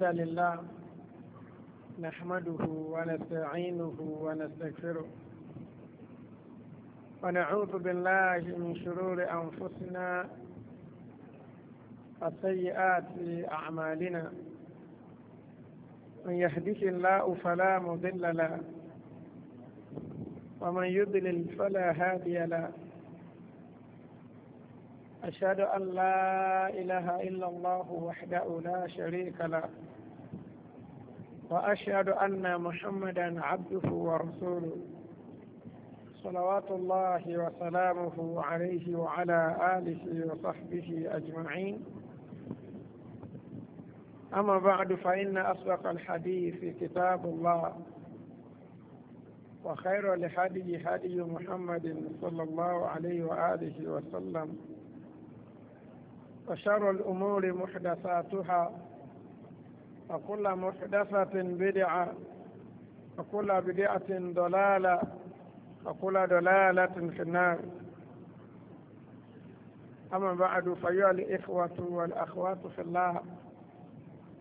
الحمد لله نحمده ونستعينه ونستغفره ونعوذ بالله من شرور أنفسنا وسيئات أعمالنا من يهدك الله فلا مضل له ومن يضلل فلا هادي له أشهد أن لا إله إلا الله وحده لا شريك له وأشهد أن محمدا عبده ورسوله صلوات الله وسلامه عليه وعلى آله وصحبه أجمعين أما بعد فإن أصدق الحديث كتاب الله وخير لهدي هدي محمد صلى الله عليه وآله وسلم وشر الأمور محدثاتها وكل محدثة بدعة وكل بدعة ضلالة وكل ضلالة في النار أما بعد فيا الإخوة والأخوات في الله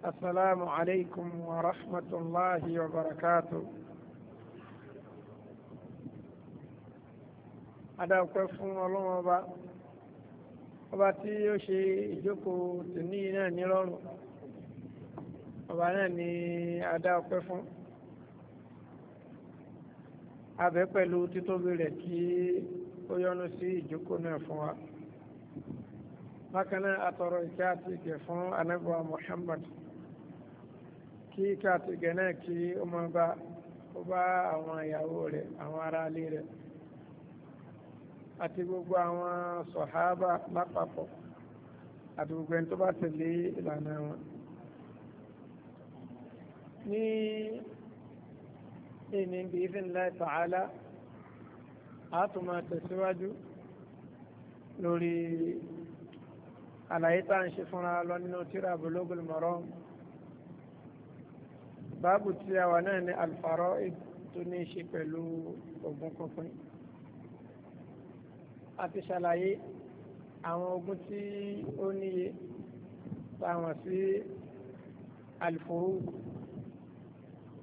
السلام عليكم ورحمة الله وبركاته أدعوكم الله ọba tí ó ṣe ìjókòó tòní náà nírọ̀rùn ọba náà ni adá ọpẹ́ fún abẹ pẹ̀lú títóbi rẹ̀ kí ó yọ́nú sí ìjókòó náà fún wa bákan náà atọrọ ìkẹ́ àti ìgẹ̀ fún anábọ̀ Muhammad kí ìkẹ́ àti ìgẹ̀ náà kí ó máa bá ó bá àwọn ìyàwó rẹ̀ àwọn aráalé rẹ̀ àti gbogbo àwọn sọ̀háábà lápapọ̀ àti gbogbo ẹni tó bá tẹ̀lé ìlànà wọn. ní ìní bí idhnillahi ta'ala a tún máa tẹ̀síwájú lórí àlàyé tá à ń ṣe fúnra lọ nínú tírà Bulughul Maram báàbù tí a wà náà ní al-fara'id ní ṣe pẹ̀lú ogún pínpín àti ṣàlàyé àwọn ogun tí ó níye táwọn sí alifuru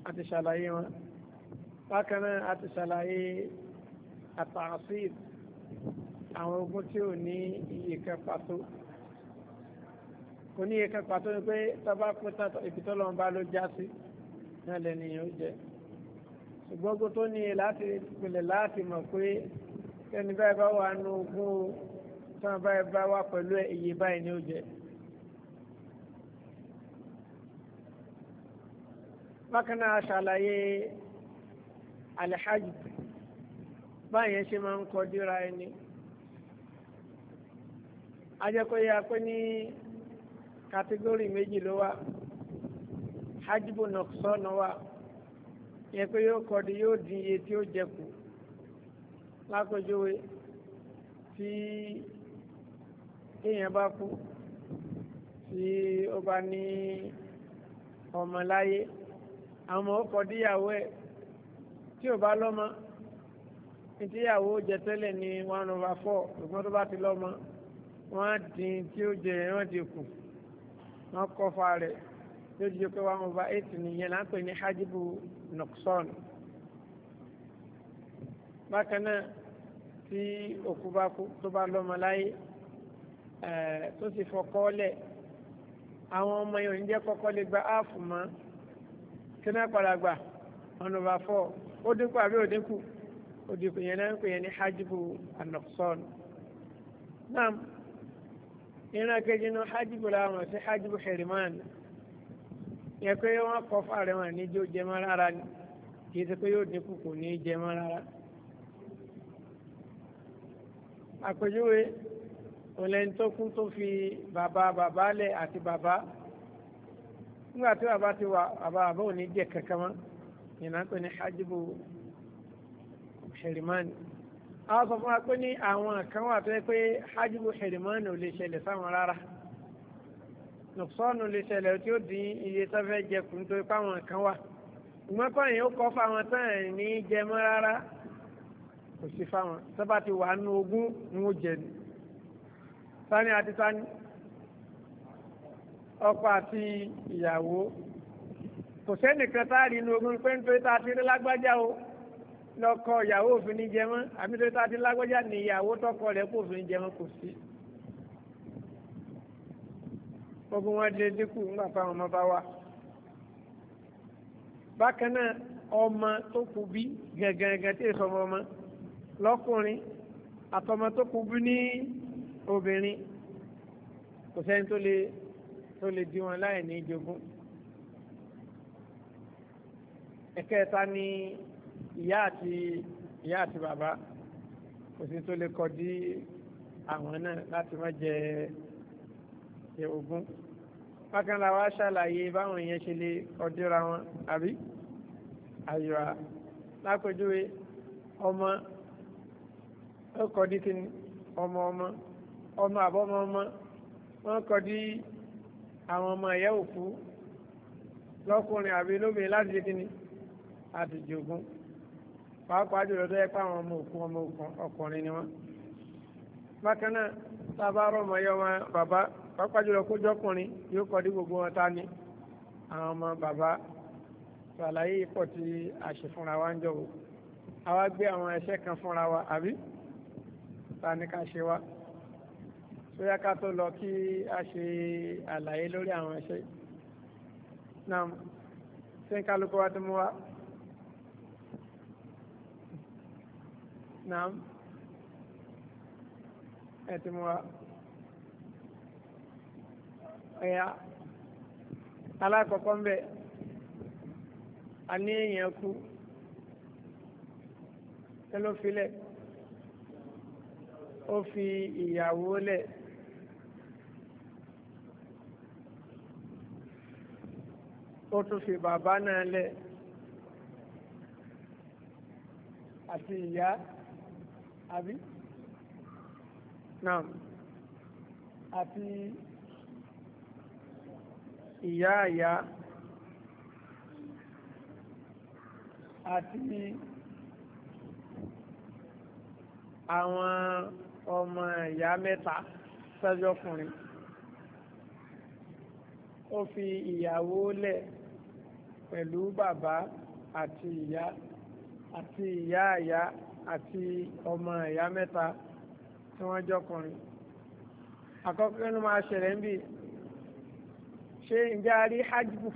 àti ṣàlàyé wọn bákan náà àti ṣàlàyé àtàṣìb àwọn ogun tí ò ní iye kan pàtó kò ní iye kan pàtó ni pé tọ́ba kú tàtọ̀ ìfitọ́lọ́mọba ló já sí náà lẹ́nu yìí ó jẹ́ ṣùgbọ́n ogun tó níye láti pinlẹ̀ láti mọ̀ pé tẹni báyìí bá wà nù ogún tán báyìí bá wà pẹ̀lú iye báyìí ni ó jẹ. bákan náà ṣàlàyé alhaji báyẹn ṣe máa ń kọjúra ẹni ajẹ́kọ̀ọ́yẹ apẹ́ ní kàtígórì méjì ló wà hajjibu nọ̀sọ́nù wà yẹ pé yóò kọ́ni yóò dín iye tí ó jẹ kù lápẹjọwe tí èèyàn bá kú tí ó bá ní ọmọ láyé àmọ́ ó kọ díyàwó ẹ̀ tí ò bá lọ́mọ ìdíyàwó jẹ tẹ́lẹ̀ ní one over four ṣùgbọ́n tó bá ti lọ́mọ wọ́n á dín tí ó jẹ wọ́n ti kù wọ́n kọ́ fa rẹ̀ tí ó ti jẹ́ pé one over eight nìyẹn là ń pè ní hajibu nọ́ksọ́ọ̀nù bákan náà tí òkú bá kú tó bá lọ́mọ láyé tó sì fọkọ́ lẹ̀ àwọn ọmọ yòó ń jẹ́ kọ́kọ́ lè gba áàfù mọ́ kí náà ọ̀nà bá fọ́ ó dínkù àbí ó dínkù ó yẹn náà ń pè yẹn ní hajibu anọ́sọ́ọ̀nù náà ìran kejì náà hajibu làwọn sí hajibu yẹ pé wọ́n kọ́ níjó àpèjúwe òlẹ́ni tó kú tó fi bàbá bàbá lẹ̀ àti bàbá nígbà tí bàbá ti wà bàbá bàbá ò ní jẹ kankan mọ́ ìyẹn pé ní hajibu hẹrìmánì àwọn sọ fún wa pé ní àwọn kan wà tó yẹ pé hajibu hẹrìmánì ò lè ṣẹlẹ̀ sáwọn rárá nùsọ́ọ̀nù lè ṣẹlẹ̀ tí ó dín iye tó jẹ kùn tó ipá àwọn kan wà ìgbọ́n kọ́yìn ó kọ́ fáwọn tán ẹ̀ ní jẹ mọ́ rárá kò sí fáwọn sábà ti wà nù ogún ń wò jẹ ni sani àti sani ọkọ àti ìyàwó kò sẹ́nìkan tá a rí inú ogún pé nítorí tá a ti rí lágbájá o lọ́kọ ìyàwó òfin ní jẹmọ́ àbí nítorí tá a ti rí lágbájá ní ìyàwó tọkọ rẹ̀ kó òfin jẹmọ́ kò sí. ogun wọn di dínkù nígbà táwọn ọmọ bá wà. bákan náà ọmọ tó kú bí gàngàngàn tí èso ọmọ ọmọ lọ́kùnrin àtọmọ tó kú bí ní obìnrin kò sẹ́ni tó lè tó lè di wọn láì ní jogún. ẹ̀kẹta ni ìyá àti ìyá àti bàbá kò sí tó lè kọ̀ dí àwọn náà láti má jẹ jẹ ogún. bákan la ṣàlàyé báwọn èèyàn ṣe lè kọ̀ wọn àbí àyíwá lápèjúwe ọmọ wọ́n kọ́ di kíni ọmọ ọmọ ọmọ àbọ́mọ ọmọ wọ́n kọ́ di àwọn ọmọ ẹ̀yẹ́ òkú lọ́kùnrin àbí lóbìnrin láti di kíni àti jogún pàápàá jùlọ tó yẹ pé àwọn ọmọ òkú ọmọ ọkùnrin ni wọ́n. bákan náà tábà rọmọ yọ wọn bàbá pàápàá jùlọ kójọkùnrin yóò kọ́ di gbogbo wọn ta ni àwọn ọmọ bàbá ṣàlàyé ipò tí a ṣe fúnra wa ń jọ wò àwa gbé àwọn ẹ̀ṣẹ̀ kan fúnra wa àbí ta ní ká ṣe wá sóyá ká tó lọ kí a ṣe àlàyé lórí àwọn ẹṣẹ náà ṣé ń kálukú wa tó mú wa náà ẹ ti wa ẹ̀yà alákọ̀ọ́kọ́ ń bẹ̀ a ní èèyàn kú ẹ ló filẹ̀ ó fi ìyàwó lẹ̀. ó tún fi bàbá náà lẹ̀ àti ìyá àbí náà àti ìyá ìyá àti àwọn ọmọ ìyá mẹ́ta sẹ́jọ́kùnrin ó fi ìyàwó lẹ̀ pẹ̀lú bàbá àti ìyá àti ìyá àyá àti ọmọ ìyá mẹ́ta tí wọ́n jọkùnrin àkọ́kọ́ nínú máa ṣẹlẹ̀ ń bì ṣé ǹjẹ́ a rí hajjbù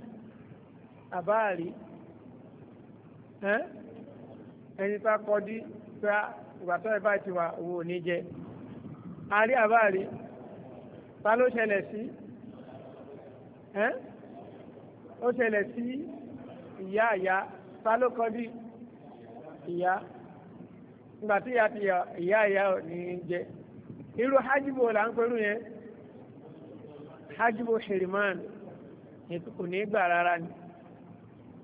àbáàrí ẹni tá a kọ́ dí ìgbà tó ẹ bá ti wà owó ò ní jẹ́. ari àbáàrí ta ló ṣẹlẹ̀ sí ẹ́ ó ṣẹlẹ̀ sí ìyá ìyá ta ló kọ́ ìyá nígbà tí ìyá ti ìyá ìyá ní jẹ irú hajibo là ń yẹn ni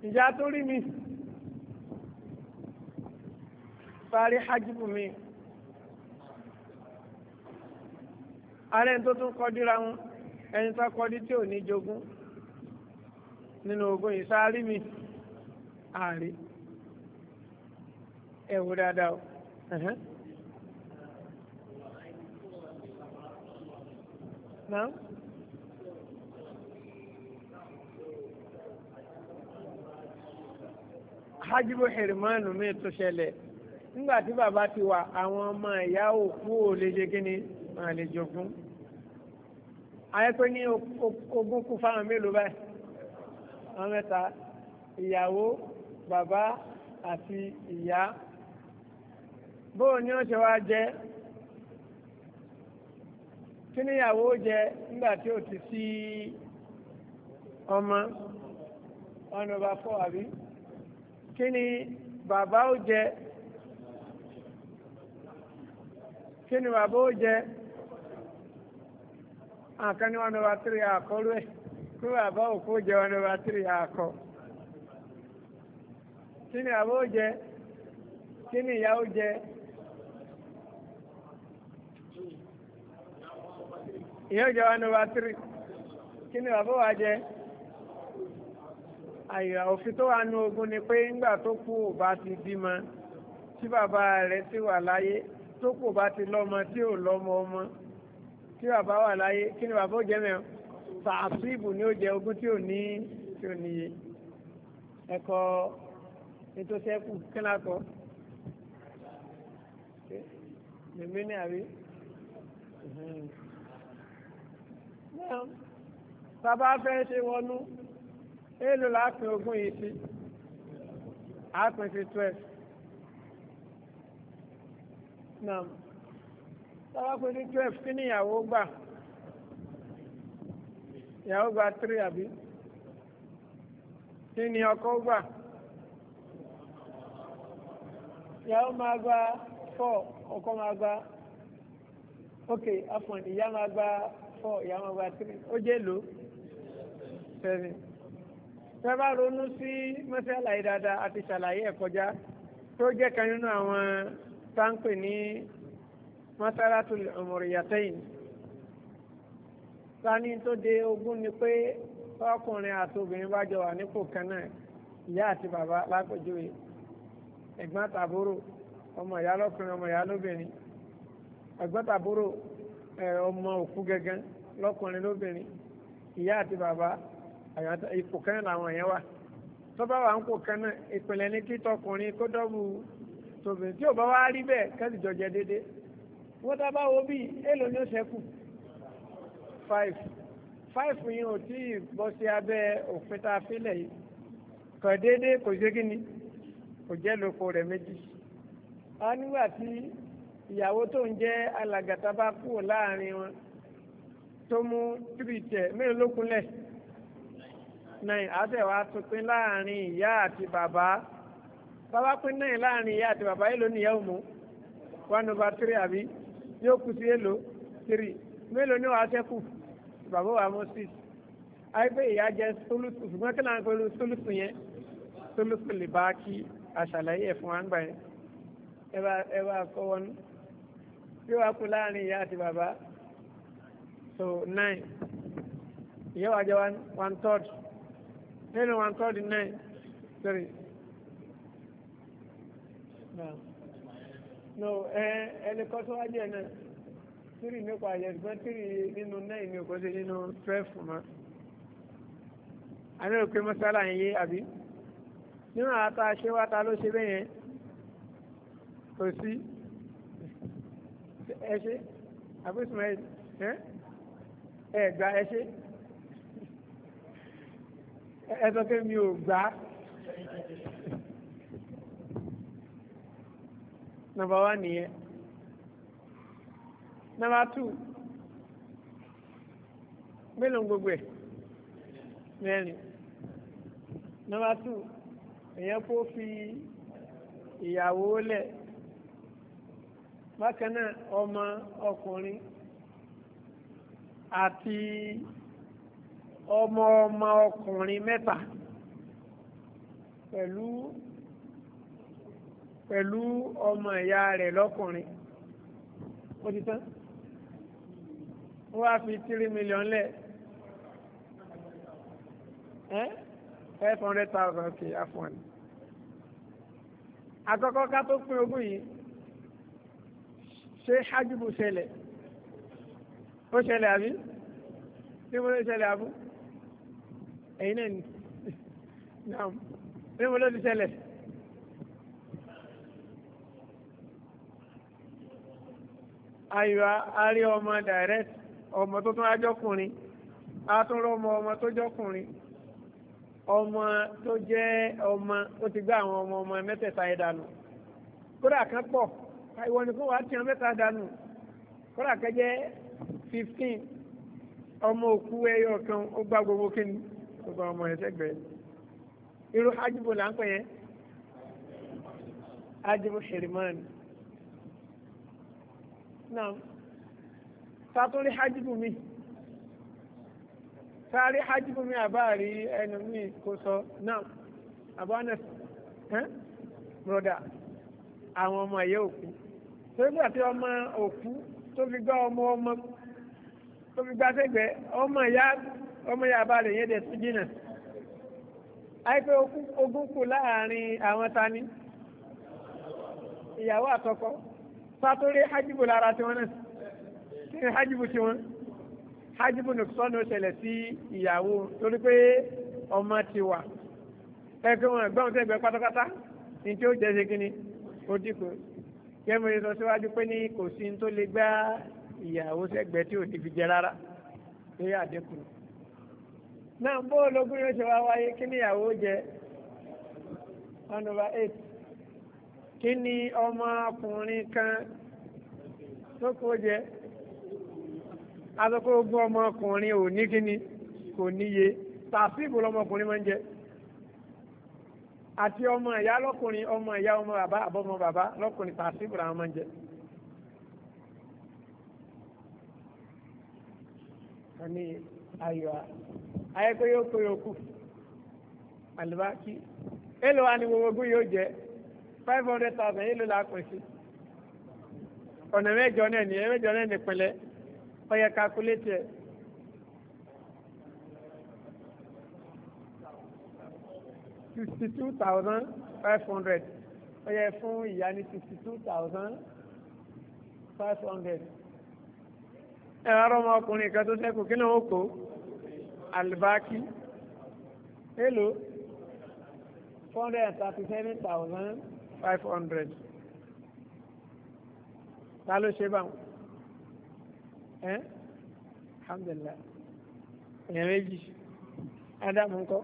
ìjà tó mi parí hajibo mi. ààrẹ tó tún kọdíra wọn ẹni tó kọdí tí ò ní jogún nínú ogun ìsáárí mi ààrẹ ẹ wò dáadáa o. Now? hajibu hermanu mi tó ṣẹlẹ̀ nígbà tí bàbá ti wà àwọn ọmọ ìyá òkú ò lè jẹ́ kí ni máa lè jogún àyẹ́pẹ́ ní ogún kú fáwọn mélòó báyìí àwọn mẹ́ta ìyàwó bàbá àti ìyá bóò ní wọ́n ṣe wá jẹ kí níyàwó jẹ nígbà tí ò ti sí ọmọ one over four àbí kí ni bàbá ó jẹ kí ni bàbá ó jẹ àkan ní one over three àkọ́rú ẹ̀ kí bàbá òkú jẹ Kini over kini yauje, kí ni àbó jẹ kí ni aya jẹ ìyàwó jẹ one over three kí ni wa jẹ àyà òfin tó wà nú ogun ni pé ńgbà tó kú ò ti bímọ tí bàbá rẹ̀ ti wà láyé tó kù bá ti lọ́mọ tí ò lọ́mọ ọmọ tí bàbá wà láyé kí ni bàbá ó jẹ mẹ́rin tààsíìbù ni ó jẹ ogún tí ò ní tí ò níye ẹ̀kọ́ nítòsẹ́kù kílákọ́ lèmi ní àrí. bàbá fẹ́ ṣe wọnú èèlò láàpin ogún yìí sí àápin sí twelve. Naam. tọ́wọ́ pé ní twelve kí ni ìyàwó gbà ìyàwó gba three àbí kí ni ọkọ gbà ìyàwó máa gba four ọkọ máa gba ok afọn ìyá máa gba four ìyá máa gba three ó seven tẹ́ bá ronú sí mọ́sálàyé dáadáa àti ṣàlàyé ẹ̀ kọjá tó jẹ́ kan nínú àwọn táǹpẹ̀ ní. matalatul umuriyatain sani to de ogun ni pé ọkùnrin àti obìnrin bá jọ wà nípò kan náà ìyá àti bàbá lápèjúwe ẹ̀gbọ́n tàbúrò ọmọ ìyá lọ́kùnrin ọmọ ìyá lóbìnrin ẹ̀gbọ́n tàbúrò ọmọ òkú lóbìnrin ìyá àti bàbá ipò kan làwọn yẹn wà tó bá wà ń kó kan náà ìpìlẹ̀ ní kí tọkùnrin kó bá wá rí wọ́n tá bá wo bí èlò ní ó ṣẹ́kù five five yìí ò tí ì bọ́ sí abẹ́ òfin tá a fílẹ̀ yìí kàn déédéé kò ṣe kí ni kò jẹ́ lóko rẹ̀ méjì a nígbà tí ìyàwó tó ń jẹ́ alàgàtà bá kú láàrin wọn tó mú three tẹ̀ mélòó ló kúnlẹ̀ nine àtẹ̀wá tó pín láàrin ìyá àti bàbá bàbá pín nine láàrin ìyá àti bàbá yìí ló ní ìyá òmù one over three àbí yóò kù sí èlò three mélòó ni wàá ṣẹ́kù bàbá wa mọ́ six àìpé ìyá jẹ sólùsù ṣùgbọ́n kí láǹkó lu sólùsù yẹn sólùsù lè bá kí àṣàlàyé ẹ̀ fún wa ń gbà yẹn ẹ bá ẹ bá kọ́ wọn bí wàá kú láàrin ìyá àti bàbá so nine ìyá wa jẹ one third nínú one third nine three. No no ẹni kan tó wájú ẹ̀ náà tírì nípa àyẹ̀sùgbọ́n tírì nínú náà ìní òkú sí nínú twelve mọ́. àná òkè mọ́sálà yẹn yé àbí nínú àtà aṣẹ́wáta ló ṣe bẹ́yẹn kò sí ẹ ṣe àbúṣùmọ̀ ẹ ẹ mi ò gbà á. number one nìyẹn number two mélòó gbogbo ẹ̀ mẹ́rin number two èèyàn kó fi ìyàwó lẹ̀ bákan náà ọmọ ọkùnrin àti ọmọ ọmọ ọkùnrin mẹ́ta pẹ̀lú pẹ̀lú ọmọ ìyá rẹ̀ lọ́kùnrin ó ti tán ó wá fi tírí mílíọ̀n lẹ̀ ẹ́ five hundred thousand ok afọ́n ni. àkọ́kọ́ ká tó pín ogún yìí ṣé hajjubu ṣẹlẹ̀ ó ṣẹlẹ̀ àbí tí mo lè ṣẹlẹ̀ àbú ẹ̀yin náà ni naam tí mo lè ṣẹlẹ̀. ayọ̀ arí ọmọ direct ọmọ tó tún ajọ́kùnrin atúnrọ́ ọmọ ọmọ tó ọmọ tó jẹ ọmọ ó ti gbá àwọn ọmọ ọmọ mẹ́tẹ̀ẹ̀ta yẹn dànù kódà kan pọ̀ ìwọ ni kó wàá dànù kódà kan fifteen ọmọ òkú ẹyọ kan ó gbá gbogbo ọmọ náà sátúrí hajjibu mi hajjibu mi àbáàrí na mi ko so náà àbáwọn ẹ broda àwọn ọmọ òkú tí ọmọ òkú tó fi gbá ọmọ ọmọ tó fi gbá sẹ́gbẹ̀ẹ́ ọmọ ya ọmọ yẹn tún jìnnà àìpé ogún kù láàrin àwọn sátórí hajjibu lára tí wọ́n náà kí ni hajjibu tí wọ́n hajjibu nìkan ló ṣẹlẹ̀ sí ìyàwó torí pé ọmọ ti wà ẹgbẹ́ wọn ẹgbẹ́ wọn tó ẹgbẹ́ pátápátá ní tí ó jẹ́ ṣe kíni ó dìkò kẹ́mi sọ síwájú pé ní kò sí tó lè gbá ìyàwó sẹ́gbẹ́ tí ò ní fi jẹ rárá lórí àdínkù náà bó ológun yóò ṣe wá wáyé kí ni ìyàwó jẹ one over eight kí ni ọmọkùnrin kan tó kó jẹ àtọ́kọ́ ogún ọmọkùnrin ò ní kíni kò níye tàṣíbù lọmọkùnrin máa ń jẹ àti ọmọ ìyá lọkùnrin ọmọ ìyá ọmọ bàbá àbọ̀mọ bàbá lọkùnrin tàṣíbù làwọn máa ń jẹ. ani ayọ̀ ayẹ́pẹ́ yóò kó yóò kù àlùbákí èlò wa ni gbogbo yóò jẹ́ five hundred thousand yìí ló la pè sí ọ̀nà mẹ́jọ náà ní mẹ́jọ náà ní pínlẹ̀ ó yẹ kakulétì ẹ̀. sixty two thousand five hundred ó yẹ fún ìyá ní sixty two thousand five hundred ẹ̀rọ ọmọkùnrin kan tó sẹ́kù kí náà ó kó alibaki hello four hundred and thirty seven thousand. 500. hundred ta ló ṣe báwọn ẹ alhamdulilah èèyàn méjì ádámù ńkọ́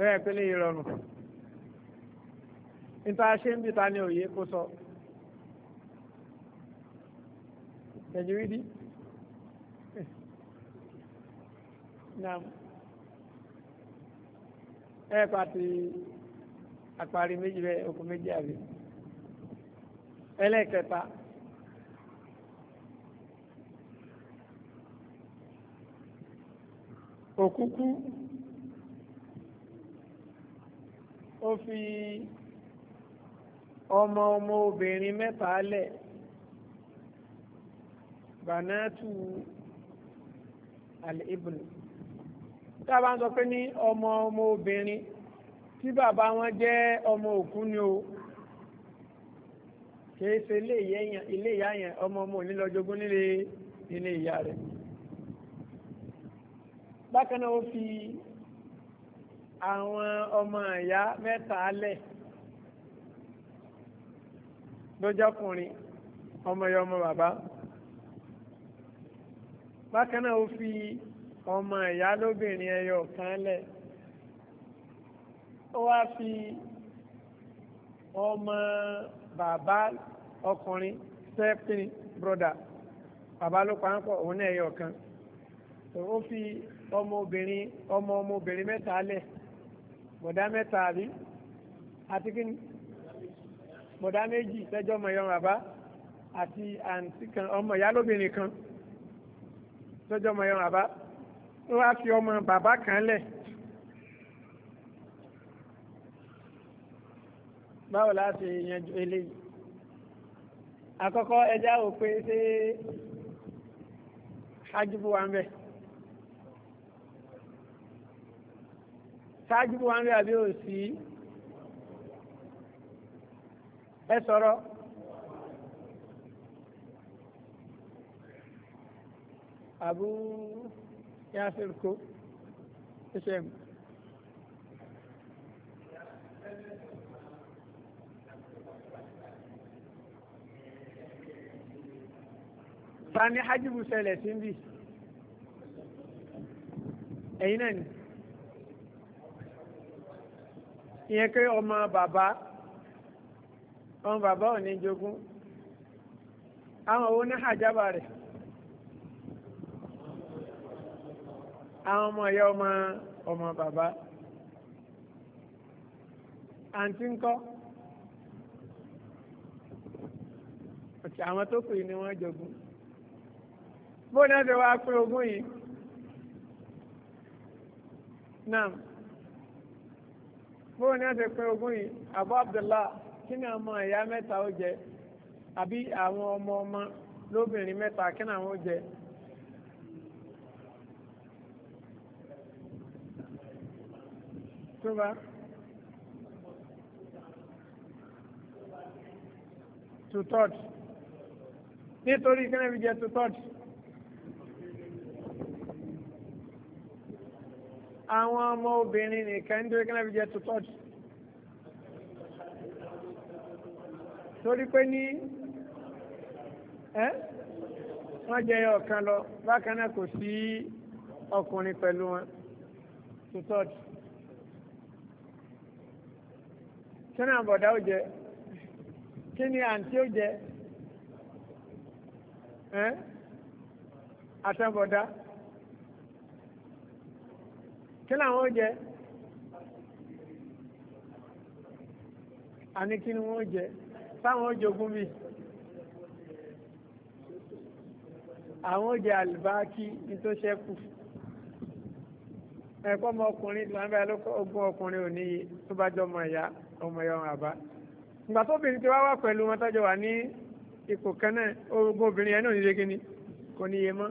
ẹ ẹ pélé yìí rọrùn níta ṣe ń bí ta ni òye kó sọ ẹ̀jú rí di ẹ pàtì àparí méjì bẹ́ẹ̀ okùn méjì àbí ẹlẹ́ẹ̀kẹta òkúkú ó fi ọmọ ọmọ obìnrin mẹ́ta lẹ̀ bànátù alìbùnú tá a bá ń sọ pé ní ọmọ ọmọ obìnrin tí bàbá wọn jẹ́ ọmọ òkun ni o kìí ṣe ilé ìyá yẹn ọmọ ọmọ òní lọ jogún nílé ilé ìyá rẹ̀ bákan náà ó fi àwọn ọmọ ìyá mẹ́ta lẹ̀ lójọ́kùnrin ọmọ ìyá ọmọ bàbá bákan náà ó fi ọmọ ìyá lóbìnrin ẹyọ kan lẹ̀ ó wá fi ọmọ bàbá ọkùnrin sẹ́pìn broda bàbá ló pa ń pọ̀ òun náà ẹyọ kan ó fi ọmọ obìnrin ọmọ ọmọ obìnrin mẹ́ta lẹ̀ bọ̀dá mẹ́ta àbí àti kí ni bọ̀dá méjì tẹ́jọ́ ọmọ ìyá bàbá àti àǹtí kan ọmọ ìyá lóbìnrin kan tẹ́jọ́ ọmọ ìyá bàbá wọ́n á fi ọmọ bàbá kan lẹ̀. báwo la ṣe yanjú eléyìí àkọ́kọ́ ẹja ò pé ṣé hajibu wa ń bẹ hajibu wa ń bẹ àbí ò ẹ sọ̀rọ̀. Abu yaafir ko iseem fani hajj bu sí bí ẹ̀yin náà ni ìyẹn pé ọmọ bàbá ọmọ bàbá ò ní jogún àwọn owó ní hajjaba rẹ̀. àwọn ọmọ ìyá ọmọ ọmọ bàbá àǹtí ńkọ́ ọ̀tí àwọn tó kù yìí ni wọ́n jogún bó náà ṣe wáá pín ogún yìí náà bó náà ṣe pín ogún yìí Abu Abdullah kí ni ọmọ ìyá mẹ́ta ó jẹ àbí àwọn ọmọ ọmọ lóbìnrin mẹ́ta kí ni àwọn ó jẹ. tó bá two thirds nítorí kí náà fi jẹ two thirds àwọn ọmọ obìnrin nìkan nítorí kí náà fi jẹ two thirds torí pé ní ẹ́ wọ́n jẹ ọ̀kan lọ bákan náà kò sí ọkùnrin pẹ̀lú wọn two thirds. kíni àbọ̀dá ó jẹ kíni àǹtí ó jẹ àtàbọ̀dá kí làwọn ó jẹ àní kí ni wọn ó jẹ táwọn ó jogún mi àwọn ó jẹ àlùbáàkì nítòsẹ́kù ẹ̀kọ́ ọmọkùnrin tí wọ́n ọkùnrin ò níye tó bá jọmọ ìyá ọmọ ẹ̀yà wọn àbá ìgbà tó obìnrin ti wá wà pẹ̀lú wọn tọ́jọ́ wà ní ipò kan náà orogún obìnrin yẹn náà nílé kíni kò níye mọ́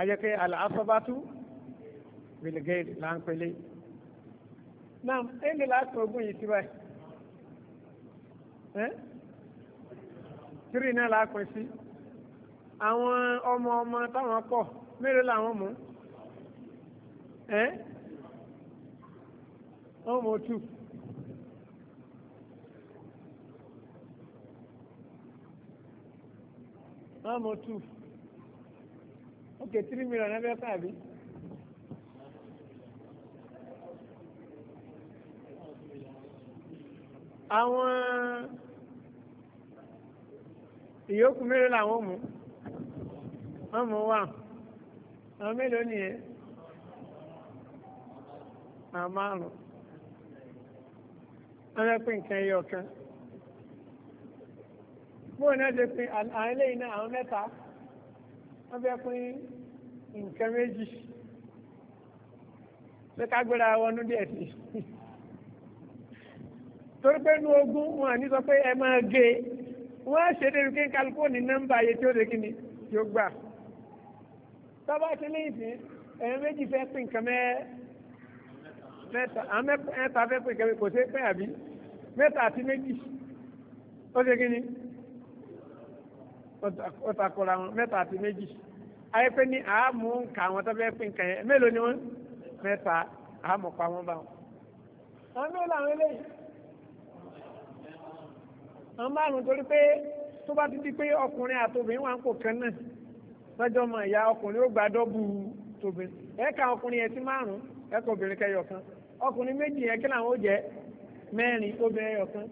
ayẹ́kẹ́ àlàáfọ́bátú bìlìgẹ́ẹ̀lì là ń pẹ́lẹ́ náà ẹni láti ogún yìí ti báyìí ẹ́ tírì náà lápẹ́ sí àwọn ọmọ ọmọ táwọn pọ̀ mélòó làwọn mú ẹ́ wọ́n mọ̀ tù. wọ́n mọ̀ tù. ok three million ẹ bẹ́ẹ̀ pàbí. àwọn ìyókù mélòó làwọn mú wọ́n mú wà àwọn mélòó nìyẹn àwọn ẹ̀rẹ́ pé nǹkan ẹyọ kan bóun náà ṣe pin àwọn eléyìí náà àwọn mẹ́ta wọ́n fẹ́ pin nǹkan méjì pé ká gbéra wọnú díẹ̀ sí i torí pé inú ogún wọn àní sọ pé ẹ máa gé e wọ́n á ṣe débi kí n kálukú ní nọ́mbà ayé tí ó lè kíni tí ó gbà tọ́ba ti léyìn sí ẹ̀yìn méjì fẹ́ pin nǹkan mẹ́ẹ́ mẹ́ta mẹ́ta fẹ́ pè kẹ́mi kò sí pẹ́ àbí mẹ́ta àti méjì ó ṣe kí ni ó takora wọn mẹ́ta àti méjì ayé pé ní àámú nǹka àwọn tó fẹ́ pè nǹkan yẹn mélòó ni wọ́n mẹ́ta àámú pa wọ́n bá wọn. àwọn mélòó làwọn eléyìí àwọn márùn torí pé tó bá ti di pé ọkùnrin àtòbìnrin wà ń kò kan náà lọ́jọ́ ọmọ ìyá ọkùnrin ó gbàdọ́ bu tòbìnrin ẹ̀ka ọkùnrin yẹn ti márùn ẹ̀ka obìnrin kẹyọ kan ọkùnrin méjì yẹn kí làwọn ó jẹ mẹ́rin obìnrin ọ̀kan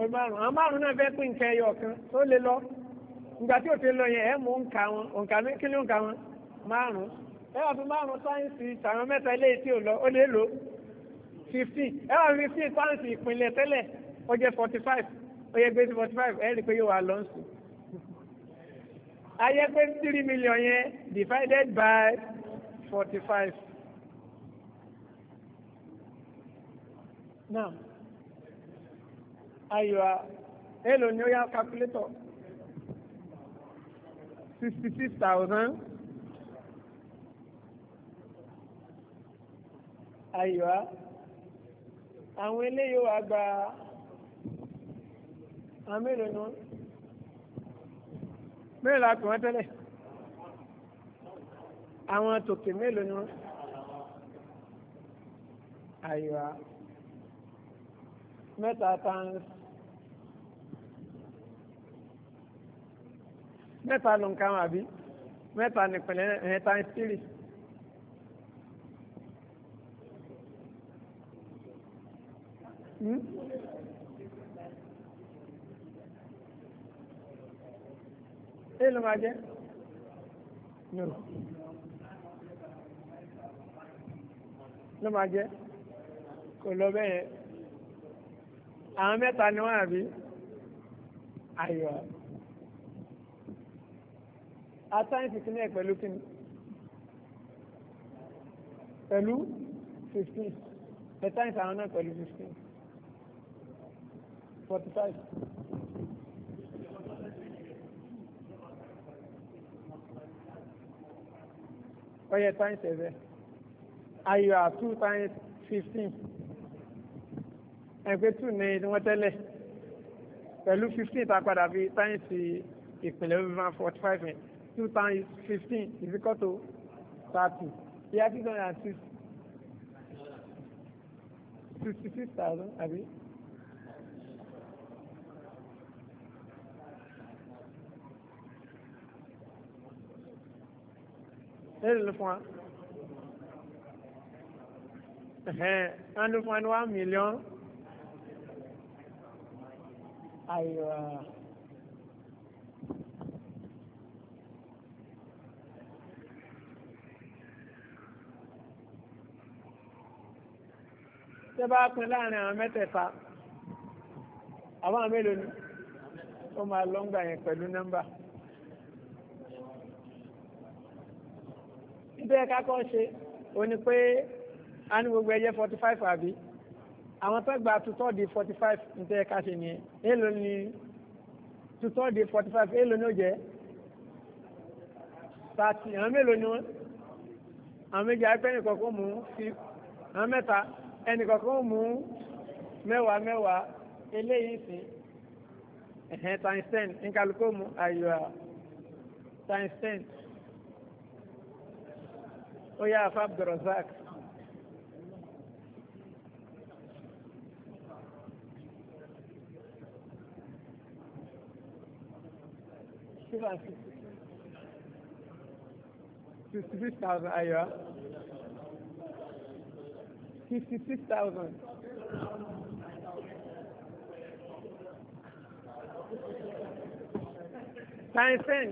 obìnrin márùn àwọn márùn náà fẹ́ pín nǹkan ẹyọ kan tó lè lọ ìgbà tí òfin lọ yẹn ẹ mú nǹka wọn kí ló wọn márùn ẹ wà fi márùn tàwọn tí lọ ó lè fifteen ẹ fifteen ó forty five ó yẹ gbé sí forty five ẹ rí i pé yóò wà ayẹ by forty náà ayọ̀ èlò ni ó yá calculator sixty six thousand ayọ̀ àwọn eléyìí wà gba àwọn mélòó ni wọ́n mélòó la pè wọ́n tẹ́lẹ̀ àwọn tòkè mélòó ni wọ́n ayọ̀ mẹ́ta times mẹ́ta ló ń ká wọn àbí mẹ́ta nìpínlẹ̀ ẹ̀ times three. Hmm? Èyí ló máa jẹ́? No. Ló máa jẹ́? Kò lọ bẹ́ẹ̀ yẹn àwọn mẹ́ta ni wọ́n àbí ayọ̀ atáyìntì kí ní ẹ̀ pẹ̀lú kí ni pẹ̀lú fifteen atáyìntì àwọn náà pẹ̀lú fifteen forty five. Oye times ẹ̀fẹ̀. Ayọ̀ are two times fifteen ẹgbẹ́ tù ní wọ́n tẹ́lẹ̀ pẹ̀lú fifteen tá a padà fi táyẹ̀nsì ìpìlẹ̀ one forty five yẹn two times fifteen is equal to thirty yíyá six hundred and six sixty six thousand àbí. ẹ̀rì ló fún wa ẹ̀hẹ́n wọ́n ló fún wa ní one million. أيوة tẹ́bá pin láàrin àwọn mẹ́tẹ̀ẹ̀ta àwọn mélòó ni ó máa lọ́ngbà yẹn pẹ̀lú nọ́mbà. ibẹ̀ kakọ́ ṣe o ní pé a ní gbogbo ẹjẹ́ forty five àbí àwọn tó gba tutọ́ di forty five ntẹ́ ká ṣe nìyẹn èèlò ni tutọ́ di forty five èèlò ni ó jẹ́ thirty àwọn mélòó ni wọ́n àwọn méjì àìpẹ́ nìkan kó mú sí àwọn mẹ́ta ẹnìkan kó mú mẹ́wàá mẹ́wàá eléyìí sí ẹ̀hẹ́n times ten nkálukó mú ayọ̀ times ten ó yá afá Abdulrasaq. sixty six thousand ayọ̀ sixty six thousand. times ten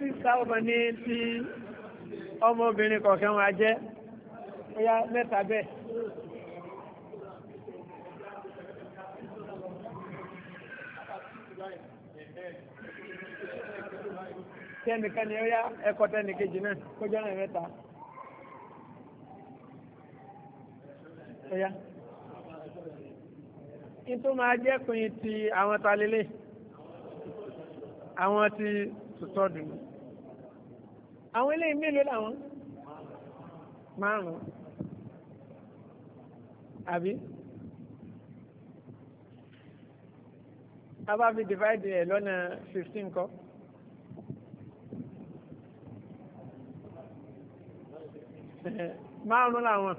six thousand ní ti ọmọbìnrin kọ̀ọ̀kan wa jẹ́ ó yá mẹ́ta bẹ́ẹ̀. tí ẹnìkan ni ó yá ẹkọ tẹnìkejì náà kó jẹ́ náà mẹ́ta. ẹ̀yà ìtò máa jẹ́ pin ti àwọn talilé àwọn ti tutọ́ dùn àwọn ilé mélòó làwọn márùn àbí a bá fi divide ẹ̀ lọ́nà 15 kọ́. márùn làwọn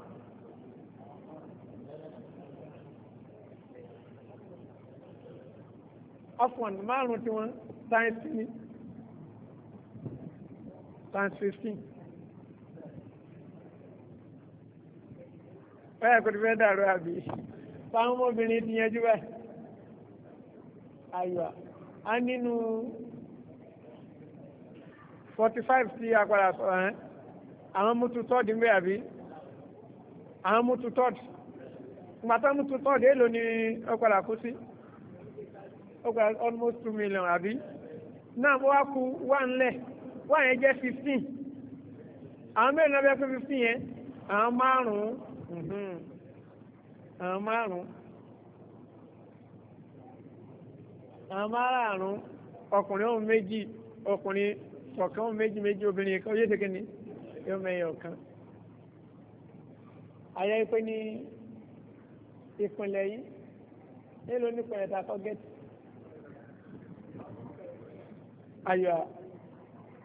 ọfọn márùn tí wọ́n times three times fifteen báyà kò tí fẹ́ dàrú àbí táwọn ọmọbìnrin ti yanjú báyìí àyà á nínú forty sí agbára sọ̀rọ̀ ẹ́ àwọn mútu tọ́ọ̀dì ń bẹ àbí àwọn mútu tọ́ọ̀dì gbàtà mútu tọ́ọ̀dì èlò ni ọ̀padà kú sí ọ̀padà almost two million àbí náà wọ́n á ku wà ńlẹ̀ wà yẹn jẹ́ fifteen àwọn mẹ́rin náà bẹ́ẹ̀ pé fifteen yẹn àwọn márùn-ún mhm. àwọn márùn-ún àwọn márùn-ún ọkùnrin ọ̀hún méjì ọkùnrin kọ̀ọ̀kan ọ̀hún méjì méjì obìnrin kan yóò ṣe ni yóò mẹ́yọ̀ kan àyà ìpè ní ìpínlẹ̀ yìí nílò nípìnlẹ̀ ta target ayọ̀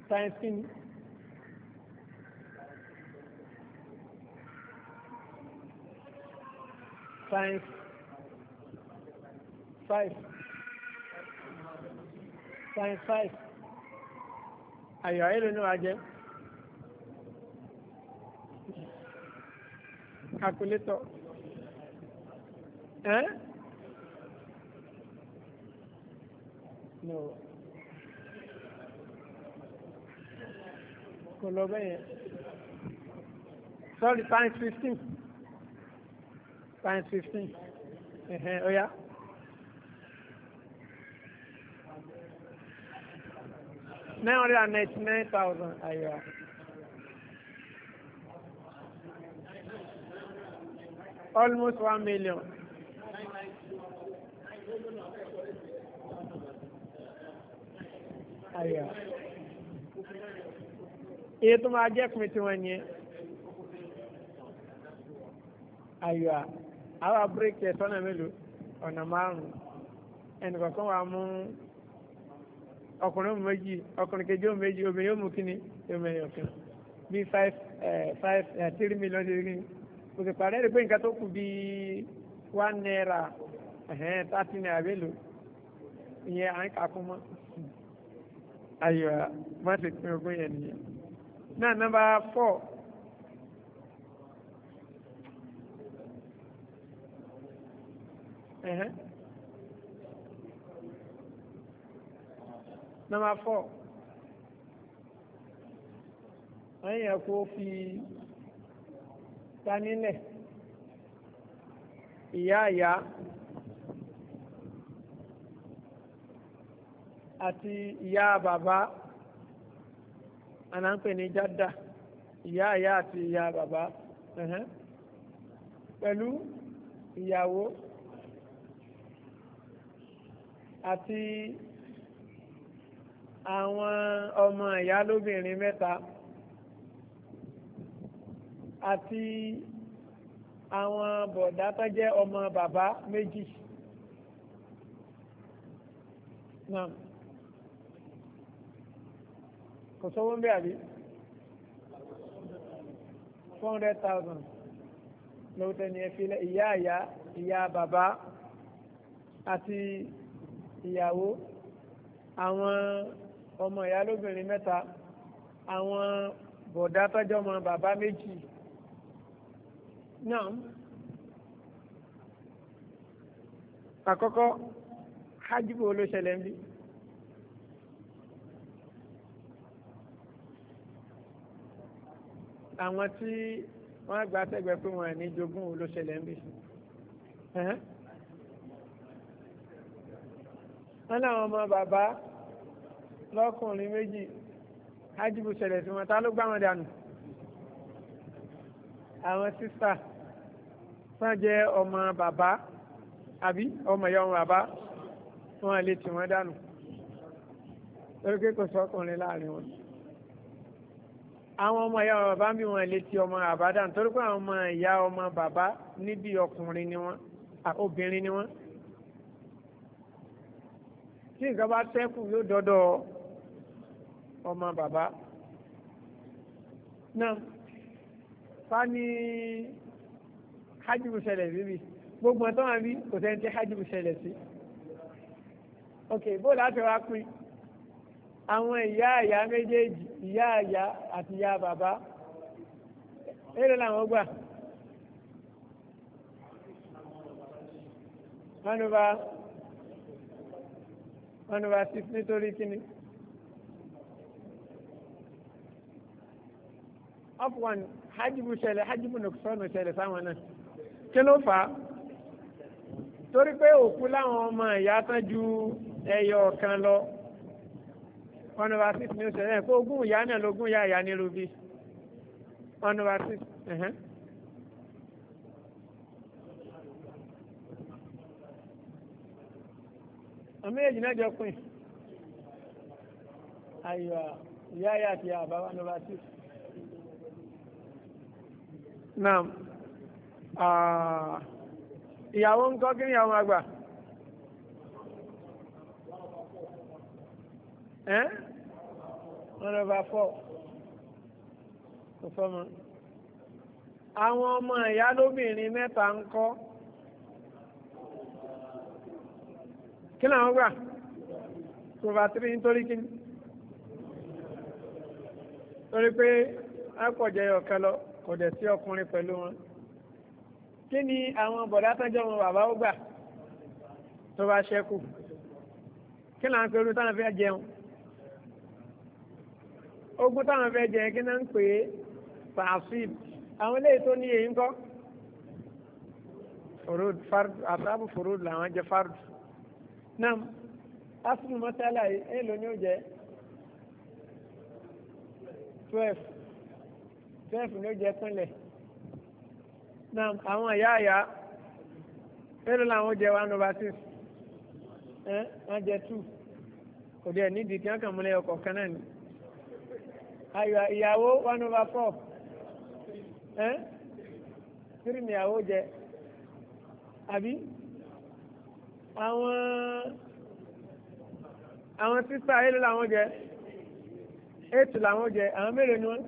sáyẹ́nsì ni. Science five science five ayọ̀ ayélujára jẹ́. calculator ẹ́n no kò lọ bẹ́yẹn sorry times fifteen times fifteen ẹ̀hẹ́n ó yá. nine hundred and ninety nine thousand ayọ̀. almost one million. àyà iye tó máa jẹ́ pin tiwọn yẹn àyà àwa bírèkì ẹ̀ sọ́nà mélòó ọ̀nà márùn-ún ẹnìkọ̀ọ̀kan wà mú ọkùnrin méjì ọkùnrin kejì ó méjì obìnrin ó mú kíni ó mẹ́yọ̀ kan bí five eh, five eh, three million ṣe kò sì parẹ́ rí pé nǹkan tó kù bíi one naira thirty naira mélòó ìyẹn à ń kakú mọ́ ayọ̀ má ti pín ogún yẹn nìyẹn náà nọ́mbà four. Uh-huh. Number four. Ẹ̀yìn fi ta nílẹ̀ ìyá ìyá àti ìyá bàbá àná ń pè ní jádà ìyá ìyá àti ìyá bàbá pẹ̀lú ìyàwó àti àwọn ọmọ ìyá lóbìnrin mẹ́ta àti àwọn bọ̀dá tó jẹ́ ọmọ bàbá méjì náà kò sówó ń bẹ́ àbí four hundred thousand lóòótọ́ ni ẹ fi lẹ́ ìyá àyà ìyá bàbá àti ìyàwó àwọn ọmọ ìyá lóbìnrin mẹ́ta àwọn bọ̀dá tọ́jọ́ ọmọ bàbá méjì náà àkọ́kọ́ hajjibo ló ṣẹlẹ̀ ń bí àwọn tí wọ́n gba tẹ́gbẹ̀ẹ́ pé wọ́n ní jogún ló ṣẹlẹ̀ ń bí wọ́n láwọn ọmọ bàbá lọ́kùnrin méjì hajjibo ṣẹlẹ̀ sí wọn ta ló gbá wọn dànù àwọn sísá wọ́n jẹ́ baba, bàbá àbí ọmọ ìyá ọmọ bàbá wọ́n lè tì wọ́n dànù torí pé kò sọ́kùnrin láàrin wọn. àwọn ọmọ ìyá ọmọ bàbá ń bí wọ́n lè tì ọmọ bàbá torí pé àwọn ọmọ ìyá ọmọ bàbá níbi ọkùnrin ni wọ́n obìnrin ni wọ́n. tí nǹkan bá tẹ́kù yóò dọ́dọ̀ ọmọ bàbá náà fani hajjibu ṣẹlẹ̀ níbi gbogbo ọ̀tọ́ wọn bí kò sẹ́ni tí hajjibu ṣẹlẹ̀ sí. ok bó láti wá pín àwọn ìyá àyà méjèèjì ìyá àyà àti ìyá bàbá èrè làwọn gbà. wọ́n ní bá wọ́n ní bá sí nítorí kíni. afwan hajjibu ṣẹlẹ̀ hajjibu nùsọ̀nù ṣẹlẹ̀ sáwọn náà kí ló fà á torí pé òkú láwọn ọmọ ìyá tán ju ẹyọ kan lọ one over six ní oṣù ẹ̀ kó ogún ìyá náà lógún ìyá ìyá nílùú bí one over six. àmì èjì náà jọ pin ayọ̀ ìyá ìyá àti one over six. Naam. Ah, ìyàwó ń kọ́ kí ni àwọn àgbà ẹ́n one over four kò fọ́mọ àwọn ọmọ ìyá lóbìnrin mẹ́ta ń kọ́ kí làwọn gbà two over three nítorí kí ni torí pé a kọ̀ jẹ́ ọ̀kan lọ kò dẹ̀ sí ọkùnrin pẹ̀lú wọn kí ni àwọn bọ̀dá tọ́jọ́ wọn bàbá ó gbà tó bá ṣẹ́kù kí là ń pe orun táwọn fẹ́ jẹun ogún táwọn fẹ́ jẹun kí náà ń pè é tààfíìb àwọn eléyìí tó ní èyí ń kọ́ forod fard asabu forod làwọn jẹ fard nam asinu masala yìí ẹ ló ó jẹ twelve twelve ní ó jẹ pínlẹ̀ náà àwọn ìyá àyà mélòó làwọn jẹ one over six ẹ wọ́n jẹ two kò dé nídìí tí wọ́n kàn múlẹ̀ ọkọ̀ kan náà ni ayọ̀ ìyàwó one over four ẹ three ìyàwó jẹ àbí àwọn àwọn sísá mélòó làwọn jẹ eight làwọn jẹ àwọn mélòó ni wọ́n.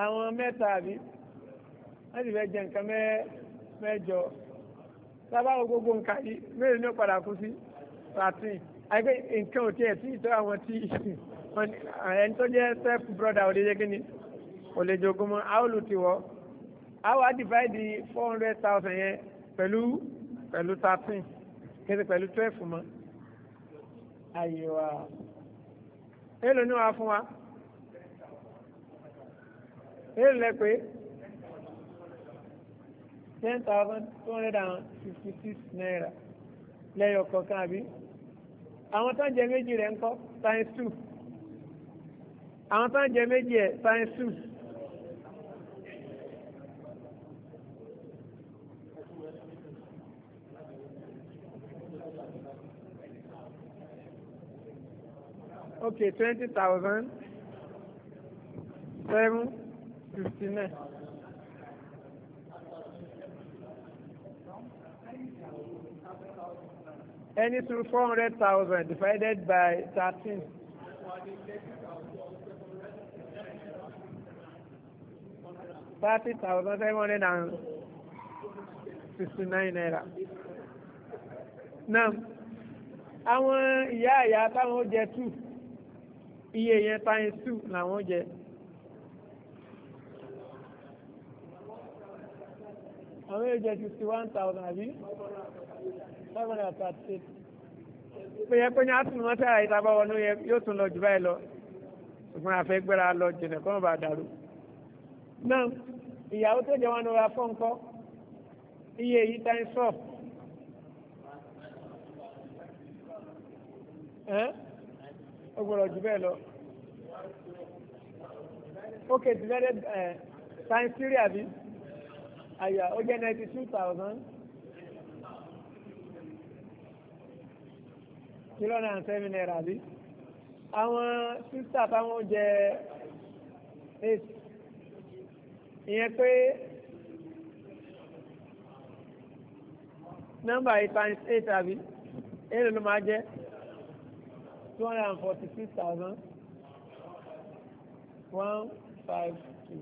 àwọn mẹ́ta àbí wọ́n sì fẹ́ jẹ nǹkan mẹ́jọ sábàá gbogbo nǹkan yìí mẹ́rin ní padà kú sí thirteen àgbẹ̀ nǹkan ò tiẹ̀ tí ìtọ́ àwọn tí ẹni tó jẹ́ step brother ò lè jẹ́ kíni ò lè jogún mọ́ a wá divide four hundred thousand yẹn pẹ̀lú pẹ̀lú thirteen kéde pẹ̀lú twelve mọ́ àyè wa èlò ni wàá fún wa èyí lẹ pé ten thousand two hundred and fifty six naira lẹ́yọ̀ kọ̀ọ̀kan àbí àwọn tó ń jẹ méjì rẹ̀ ń kọ́ times two àwọn tó ń jẹ méjì ẹ̀ times two. okay twenty thousand seven fifty nine. Any through four hundred thousand divided by thirteen. Thirty thousand seven hundred and sixty nine naira. Now, àwọn ìyá ìyá táwọn jẹ two, iye yẹn times two làwọn jẹ. àwọn èjẹ ti sí one thousand àbí five hundred and thirty eight pé yẹ pé ní àtúnú wọn sára ìta bá wọnú yẹ yóò tún lọ jù báyìí lọ ṣùgbọ́n àfẹ́ gbéra lọ jìnnà kọ́ bá dàrú. náà ìyàwó tó jẹ́ wọn ló ra fọ́nkọ́ iye yìí times four. ó gbọ́dọ̀ jù bẹ́ẹ̀ lọ. ok divided times three àbí àyà ó jẹ́ ninety two thousand two hundred and seven naira bí àwọn sísà táwọn jẹ eight ìyẹn pé nọ́mbà yìí times eight àbí èlò ló máa jẹ́ two hundred and forty six thousand one five two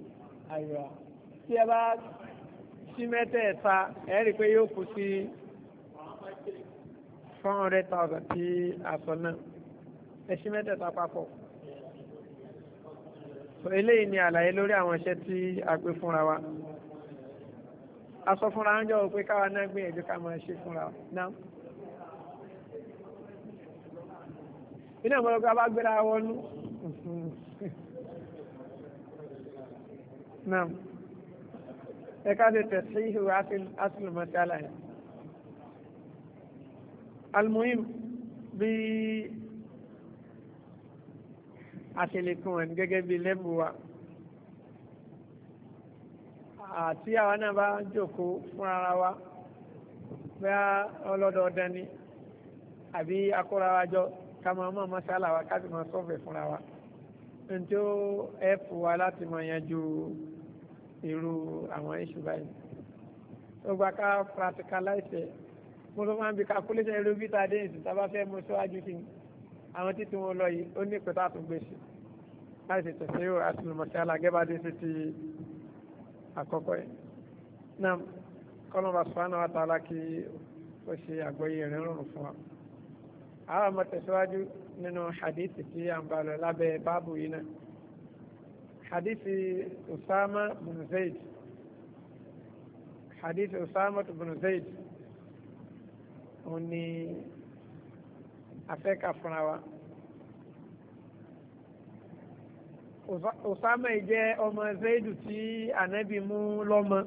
àyà tí ẹ bá sí mẹ́tẹ̀ẹ̀ta ẹ rí i pé yóò kú sí four hundred thousand tí a sọ náà ẹ sí mẹ́tẹ̀ẹ̀ta papọ̀ eléyìí ni àlàyé lórí àwọn iṣẹ́ tí a gbé fúnra wa a sọ fúnra ń jọ pé káwa náà gbìyànjú ká máa ṣe fúnra wa náà. iná ìmọ̀lọ́gbà bá gbéra wọnú. náà ẹ̀ka ṣe tẹ̀sí ìhùwà asìlùmọ̀tálà yẹn almuhim bí àṣẹlẹ̀kùn ẹ̀ gẹ́gẹ́ bí lẹ́bù wa àti àwa náà bá jókòó fún ara wa bí a ọlọ́dọọdẹ ni àbí akóra wa jọ ká máa mọ̀ mọ́sálà wa ká sì máa sọ́fẹ̀ fúnra wa ní tí ó wa láti máa yanjú irú àwọn iṣu báyìí ó gba ká practicalize mo tó máa ń bi calculation irú bí tá a dé ìsìn tá a bá fẹ́ mú síwájú kí ni àwọn títí wọn lọ yìí ó ní ìpè tá a tún gbé sí láì ṣètò yóò àti lùmọ̀ṣẹ́ alágẹ́bàdé sí ti àkọ́kọ́ yìí náà kọ́lọ́mà sùfàánà wa tààlà kí ó ṣe àgbọ́yé rẹ̀ rọrùn fún wa. àwọn ọmọ tẹ̀síwájú nínú hadithi tí à ń balọ̀ lábẹ́ báàbù yìí náà hadisi Usama bin Zaid hadisi Usama bin Zaid òní afẹ́ka fúnra wa Usama yìí jẹ́ ọmọ Zaidu tí Ànábì mú lọ́mọ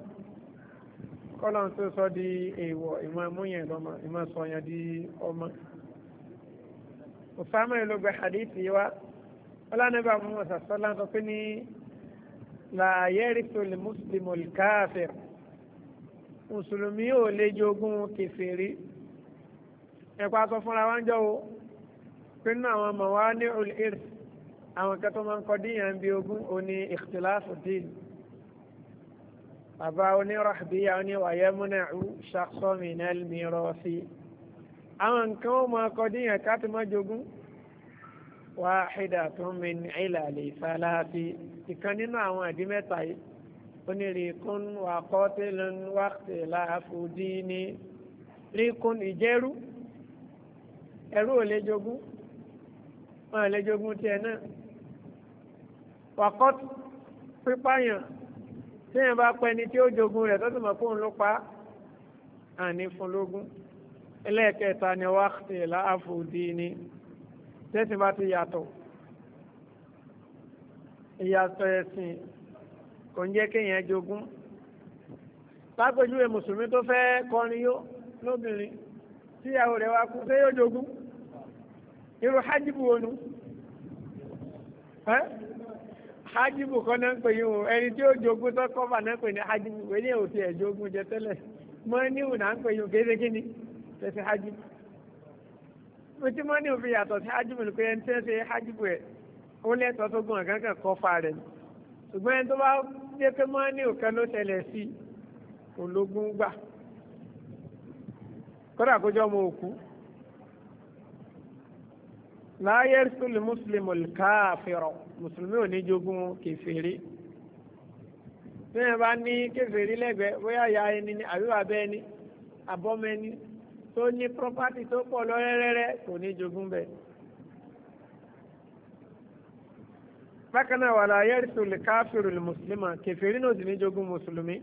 kọ́lọ́n tó sọ di èèwọ̀ ìmọ̀ múyẹn lọ́mọ ìmọ̀ sọ̀yàn di ọmọ Usama yìí ló gbé ọlọ́nàbà muhammad sàṣọ́lá sọ pé ní làyẹ́rìsọ lè mùsùlùmí olùkáàfẹ́ mùsùlùmí ò lè jogún kẹfẹ́rí ẹ̀kọ́ aṣọ fúnra wa ń jọ o pé nínú àwọn ọmọ wa ní olùhìr àwọn kẹtọ́ máa ń kọ́ díyàn bí ogún òní ìkìtìláfù dín bàbá onírọ̀bíyà oníwàyẹ́múnẹ̀ẹ́rù ṣàkóso mìíràn mìíràn sí àwọn nǹkan ó máa kọ́ díyàn ká máa jogún wáhídà tó ń min ìlà lè sáláàtì ìkan nínú àwọn ìdí mẹ́ta yìí onírìkún wà kọ́tìlún wákìtì láàfùdí ní ríkún ìjẹ́rú ẹrú ò lè jogún wọn ò lè jogún tiẹ̀ náà wà kọ́tù pípáyàn téèyàn bá pẹ́ ni tí ó jogún rẹ̀ tó sì mọ̀ fóun ló pa àní fún lógún ẹlẹ́ẹ̀kẹta ni wákìtì láàfùdí ní tẹ́sìn bá ti yàtọ̀ ìyàtọ̀ ẹ̀sìn kò ń jẹ́ kéèyàn jogún lápèjúwe mùsùlùmí tó fẹ́ kọrin yó lóbìnrin tíyàwó rẹ̀ wá kú pé yóò jogún irú hajibu onu ẹ́ hajibu kọ́ náà ń pè yín o ẹni tí ó jogún tó kọ́fà náà ń pè ní hajibu èyí ò tiẹ̀ jogún jẹ tẹ́lẹ̀ mọ́ níwò náà ń pè yín o kéde kíni tẹ̀sí hajibu ojú mọ́ni òfin yàtọ̀ sí hajj mi pé ẹni tí wọ́n ṣe hajj bù ẹ̀ ó lẹ́tọ̀ọ́ tó gùn ọ̀gá kan kọ́ fa rẹ̀ ni ṣùgbọ́n ẹni tó bá dé pé mọ́ni òkan ló ṣẹlẹ̀ sí ológun gbà kódà kó jọ́ mọ òkú láyé sùlù mùsùlùmí káàfìrọ̀ mùsùlùmí ò ní jogún kèfèrí bí wọ́n bá ní kèfèrí lẹ́gbẹ̀ẹ́ bóyá ya ẹni ni àbí bàbá ẹni abọ́mọ ẹni tó ní property tó pọ̀ lọ́rẹ́rẹ́rẹ́ kò ní jogún bẹ́ẹ̀. bákan náà wàlá yẹ́rìsù lè káfíìrù lè mùsùlùmá kẹfìrí náà sì ní jogún mùsùlùmí.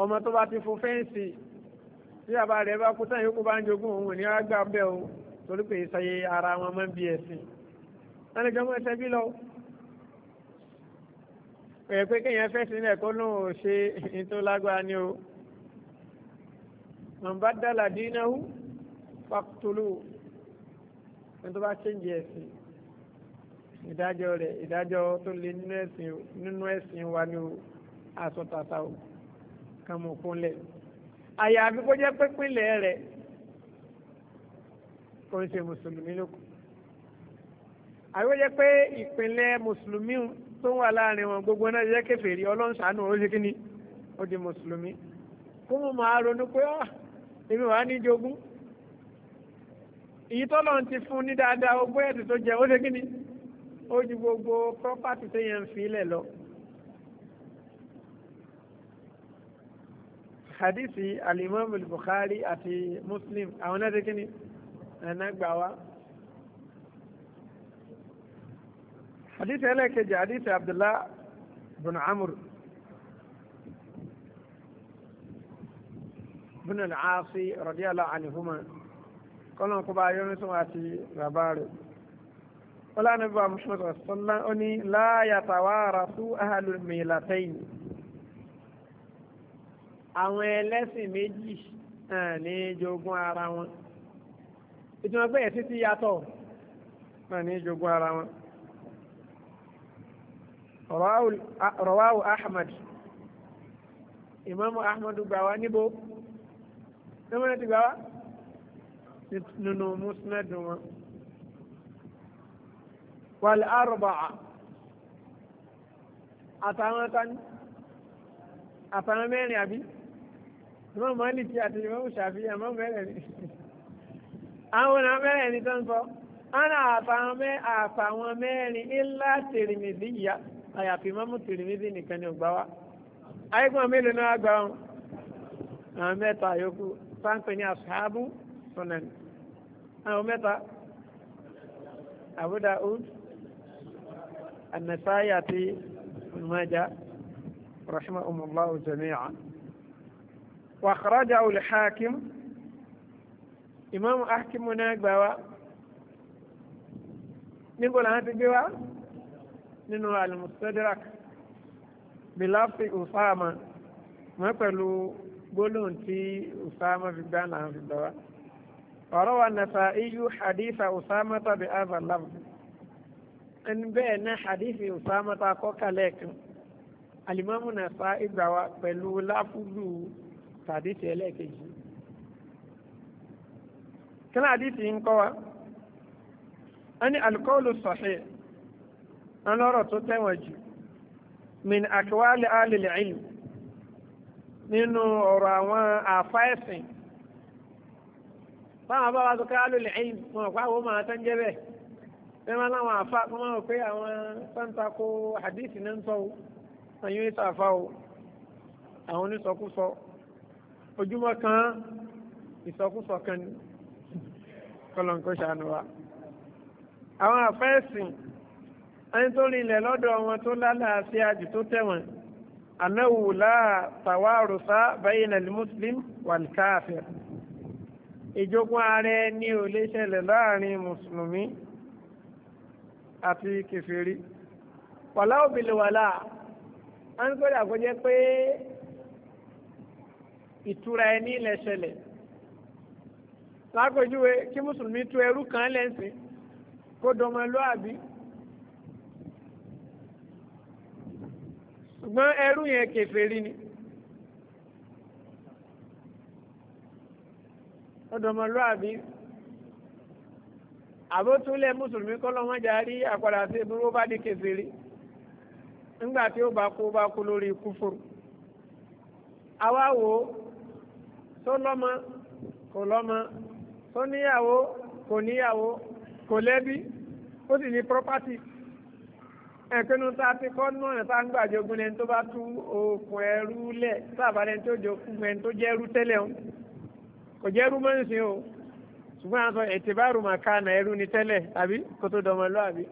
ọmọ tó bá ti fún fẹ́ǹsì tí bàbá rẹ̀ bá kú tán yòókù bá ń jogún òun ní àgbà bẹ́ẹ̀ o torí pé ìsayé ara wọn máa ń bí ẹ̀sìn. wọ́n lè jọmọ́ bí lọ. ẹ̀yẹ pé kéèyàn fẹ́sìn náà kó lóun ṣe ní lágbára ni o man baddala dinahu faqtulu ẹni tó bá ṣéǹjì ẹ̀sìn ìdájọ́ rẹ̀ ìdájọ́ tó lé nínú ẹ̀sìn wa ni aṣọ tata o kàn mọ̀ kúnlẹ̀ àyàfi kó jẹ́ pépínlẹ̀ rẹ̀ kò ń ṣe mùsùlùmí lóko àwọn jẹ́ pé ìpínlẹ̀ mùsùlùmí tó wà láàrin wọn gbogbo náà jẹ́ kèfèrí ọlọ́run ṣàánú ó ṣe kí ni èmi wàá ní jogún èyí tọ́lọ́run ti fún ní dáadáa ogún ẹ̀sìn tó jẹ ó ṣe kí ni ó ju gbogbo property tó yẹn ń fi ilẹ̀ lọ. hadisi alimami bukhari àti muslim àwọn náà ṣe kí ni ẹ̀nà gbà wá. hadisi ẹlẹ́kejì hadisi abdullah bin amur. ibn al-Aasi radiyallahu anhuma kọ́nà kó bá yọ́nú sọ àti bàbá rẹ̀ wọ́n lánàá bí wa Muhammad sọ́lá ó ní la yatawarasu ahlul millatayn àwọn ẹlẹ́sìn méjì eh, ní jogún ara wọn ìtumọ̀ pé ẹ̀sìn ti yàtọ̀ náà eh, ní jogún ara wọn. rawahu ahmad imaamu ahmad gbà wá níbo ẹ̀wọ̀n ti gbà wá nínú musnad wọn. wal arba'a àtàwọn tani àtàwọn mẹ́rin àbí ìmọ̀ mọ́lìkì àti ìmọ̀ ṣàfi àmọ́ mẹ́rin ni àwọn mẹ́rin ni tó ń sọ ana àtàwọn mẹ́rin illa tìrìmìdì yá àyàfi mọ́mú tìrìmìdì nìkan ni ò gbá wa ayégbọ́n mélòó náà gbà wọn àwọn mẹ́ta yòókù فانت ني اصحاب سنن او متى ابو داود النسائي في ابن ماجه رحمه الله جميعا واخرجه الحاكم امام احكم هناك بابا نقول انا تجيبها ننوى المستدرك بلفظ اسامه ما قالوا gbólóhùn tí Usama fi gbá náà fi gbà wá ọ̀rọ̀ wa nàfà iyú haditha Usama tàbí azalamu ẹni bẹ́ẹ̀ náà hadithi Usama tà kọ́kàlẹ̀ kan alimamu nàfà ìgbà wa pẹ̀lú láfúlù tàdísì ẹlẹ́ẹ̀kejì kí náà àdísì ń kọ́ wa ẹni alukọ́ọ̀lù sahih ẹni ọ̀rọ̀ tó tẹ̀wọ̀n jù min akwali alil ilm nínú ọ̀rọ̀ àwọn àfa ẹ̀sìn fáwọn bá wa sọ káyà lólè ẹ̀yìn wọn kó àwọn máa tán jẹ́ bẹ́ẹ̀ bẹ́ẹ̀ máa láwọn àfa kó máa wọ pé àwọn santa kó hadith náà ń sọ o àwọn yóò sọ àfa o àwọn onísọkúsọ ojúmọ́ kan ìsọkúsọ kan ni kọlọ̀ǹkó ṣàánú wa àwọn àfa ẹni tó rinlẹ̀ lọ́dọ̀ wọn tó lálàáfíà jù tó tẹ̀wọ̀n. أنه لا توارث بين المسلم والكافر ìjogún ara ẹni ò lè ṣẹlẹ̀ láàrin mùsùlùmí àti kèfèrí wàlá òbílẹ̀wàlá a ń gbọ́dọ̀ àgbọ́jẹ́ pé ìtura ẹni lè ṣẹlẹ̀ lápèjúwe kí mùsùlùmí tú ẹrú kan lẹ́sìn kó dọmọlúàbí ṣùgbọ́n ẹrú yẹn kèfèrí ni ọ̀dọ̀mọlúàbí àbótúnlẹ̀ mùsùlùmí kọ́lọ́wọ́n jarí àpàdà sí ìbúrú bá di kèfèrí nígbà tí ó bá kú bá kú lórí kúfùrù àwa wò ó tó lọ́mọ kò lọ́mọ tó níyàwó kò níyàwó kò lẹ́bí ó sì ní property ẹ̀pinnu tá a ti kọ́ náà tá a ń gbàjogún lẹ́ni tó bá tú okùn ẹrú lẹ̀ sábà lẹ́ni tó jogún ẹni tó jẹ́ ẹrú tẹ́lẹ̀ o kò jẹ́ ẹrú mọ́ nísìnyí o ṣùgbọ́n àwọn ìtìbárù màkà nà ẹrú ni tẹ́lẹ̀ àbí kó tó dọ̀mọ́lọ́ àbí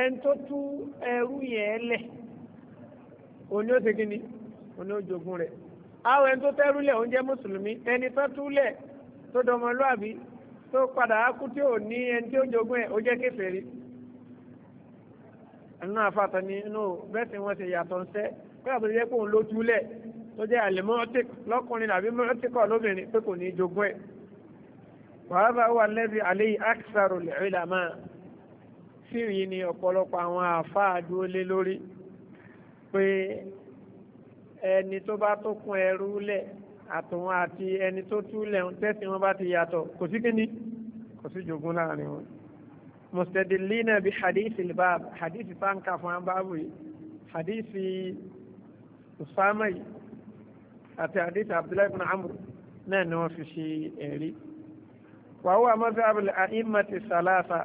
ẹni tó tú ẹrú yẹn lẹ̀ òní ó ti kí ni òní ó jogún rẹ̀ àwọn ẹni tó tẹ́rú lẹ̀ ó mùsùlùmí ẹni tó tú lẹ̀ tó dọ̀mọ́lọ́ àbí tó padà á tí ò ní ẹni tí jogún ẹ̀ ó jẹ́ kèfèrí nínú àfàtà ni inú bẹ́ẹ̀ tí wọ́n ṣe yàtọ̀ ń sẹ́ kọ́yà tó jẹ́ pé òun ló túlẹ̀ tó jẹ́ àlèmọ́tík lọ́kùnrin àbí mọ́tíkọ̀ lóbìnrin pé kò ní jogún ẹ̀ wàhálà wà lẹ́bi àléyìí àkìsàrò lẹ́rìlàmà fíìmù yìí ni ọ̀pọ̀lọpọ̀ àwọn àfáà dúró lé lórí pé ẹni tó bá tó kún ẹrú lẹ̀ àtòun àti ẹni tó túlẹ̀ ń tẹ́sí wọn bá ti yàtọ̀ kò sí kíní kò sí jogún láàrin wọn mustadillina bi hadithi al-bab hadithi tá n kà fún abáàbò yìí hadithi usama yìí àti hadithi abdullahi ibn amr náà ni wọ́n fi ṣe ẹ̀rí. wa huwa madhhab al-a'immati thalatha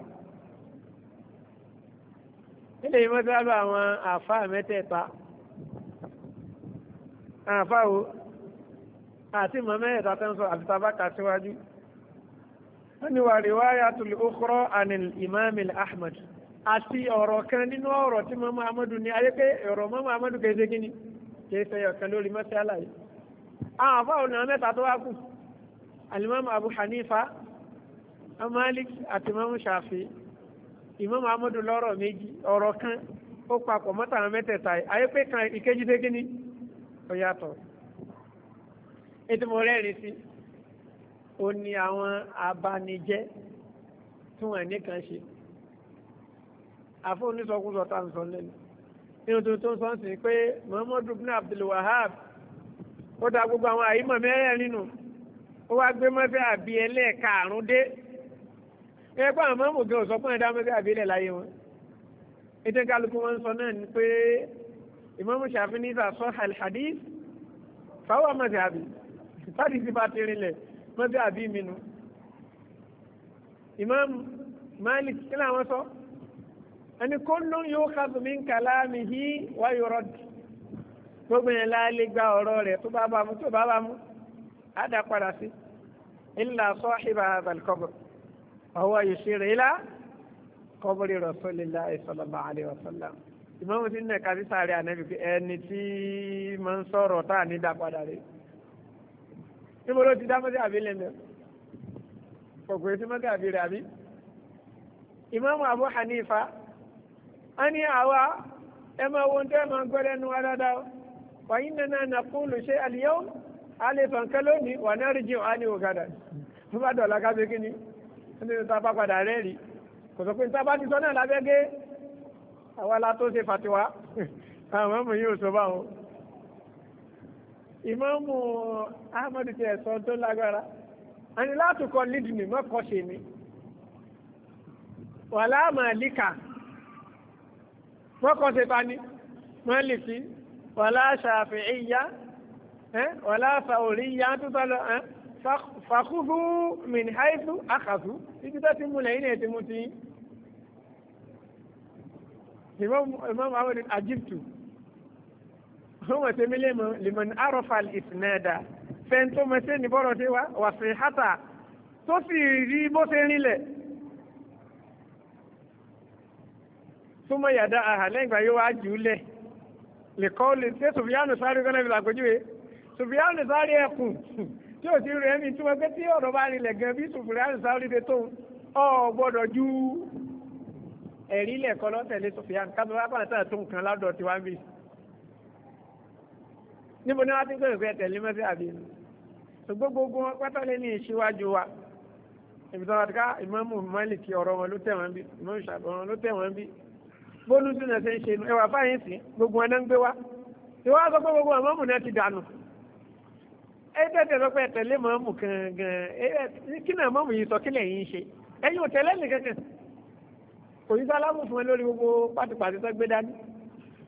ilé yìí mọ́sáábà àwọn àáfàá mẹ́tẹ̀ẹ̀ta àáfàá wo àti mọ̀ mẹ́tẹ̀ẹ̀ta tó ń sọ àti tábàkà síwájú. Si wọ́n ní wà riwayatul ukhra anil imam ahmed àti ọ̀rọ̀ kan nínú ọ̀rọ̀ tí mọ́mọ́ amadu ní ayé pé ọ̀rọ̀ mọ́mọ́ amadu kèése kíni kèése ọ̀kan lórí mọ́sálà yìí àwọn àfáwọn náà mẹ́ta tó wá kù alimami abu hanifa amalik àti mọ́mọ́ shafi imam amadu lọ́rọ̀ méjì ọ̀rọ̀ kan ó papọ̀ mọ́tàwọn mẹ́tẹ̀ẹ̀ta ayé pé kan ìkejì dé kíni ó yàtọ̀ ètò mọ̀ rẹ́rìn sí ó ní àwọn abanijẹ́ tí wọ́n nìkan ṣe àfọ́ onísọkúnsọ tá ń sọ lẹ́nu nínú tó tó ń sọ sí pé Muhammadu bin Abdul Wahab ó dá gbogbo àwọn àyímọ̀ mẹ́rẹ̀ nínú ó wá gbé mọ́fẹ́ àbí ẹlẹ́ẹ̀karùn dé ẹgbẹ́ àwọn mọ́mù gan sọ fún ẹ̀dá mọ́fẹ́ àbí ẹlẹ́ láyé wọn ètò kálukú wọn sọ náà ni pé Imam Shafi'i ní ìsàsọ́ al-hadith fáwọn mọ́fẹ́ àbí fádìsí bá ti rinlẹ̀ mọ́tí àbí mi nu Imam Malik kí làwọn sọ ẹni kullun yukhadhu min kalamihi wa yurad gbogbo yẹn láàlé gba ọ̀rọ̀ rẹ̀ tó bá bá mu tó bá bá mu á dá padà sí illa sahiba hadhal qabr ọwọ́ yushiru ila qabri rasulillahi sallallahu alaihi wasallam ìmọ̀mù ti ń nẹ̀ka sí sáré ànábì ẹni tí máa ń sọ̀rọ̀ tá à ní dá padà rèé níbo ló ti dá mọ́tẹ́ àbí lẹ́mẹ̀ kòkòrò sí mọ́tẹ́ àbí rẹ̀ àbí. ìmáàmù Abu Hanifa a ní àwa ẹ máa wo tẹ́ ẹ máa gbọ́ lẹ́nu wa dáadáa wàyí nana nàkúlù ṣe àlìyáwó àlefàn kálónì wà náà rí jìn àní òkàdà tó bá dọ̀la ká bẹ́ẹ̀ kíni ẹni tó bá padà rẹ́ rí kò sọ pé ní tábà ti sọ náà lábẹ́ gé àwa la tó ṣe fàtiwá àwọn ọmọ yìí ò sọ báwọn ìmáàmù ahmed ti ẹ̀sọ́ tó lágbára ẹni látùkọ lídì ní ṣe ni wà láàmà líkà mọ́kọ́ ṣe bá ní mọ́lìkì wà láṣàfẹ́ ìyá wà láṣà orí ìyá tó tọ́ lọ fàkúfú min haifu akàfú títí tó ti múlẹ̀ yìí ti mú ti ìmáàmù ahmed ajibtu sọ́wọ́n ṣe mí lémo lèmọ̀n arọ́fà ìsìnẹ́ẹ̀dá fẹ́ntó mẹ́sẹ̀ ní bọ́rọ̀ ṣe wá wà sí hátà tó sì rí bó ṣe rinlẹ̀. súnmọ́ yàda àhà lẹ́yìn ìgbà yóò wá jù ú lẹ̀ lè kọ́ lè ṣe sùfìyànù sáré gánà ìlú àpèjúwe sùfìyànù sáré ẹkùn tí ò sí rẹ̀ mí túmọ̀ pé tí ọ̀rọ̀ bá rinlẹ̀ gan bí sùfìyànù sáré de tóun ọ̀ gbọ́dọ̀ ju ẹ̀rí lẹ̀kọ́ lọ́tẹ̀lé sùfìyànù ká níbo ni wọ́n ti gbé ìfẹ́ tẹ̀lé mẹ́sì àbí ṣùgbọ́n gbogbo wọn pátá lé ní ìṣíwájú wa ìbùsọ̀rọ̀ àti ká ìmọ̀mù mọ́lìkì ọ̀rọ̀ wọn ló tẹ̀ wọ́n bí ìmọ̀mù ṣàbọ̀ wọn ló tẹ̀ wọ́n bí bólú tún náà ṣe ń ṣe nu ẹwà fáyín sí gbogbo wọn náà ń gbé wá ìwọ sọ pé gbogbo ìmọ̀mù náà ti dànù ẹ tẹ̀tẹ̀ pé ẹ̀tẹ̀lé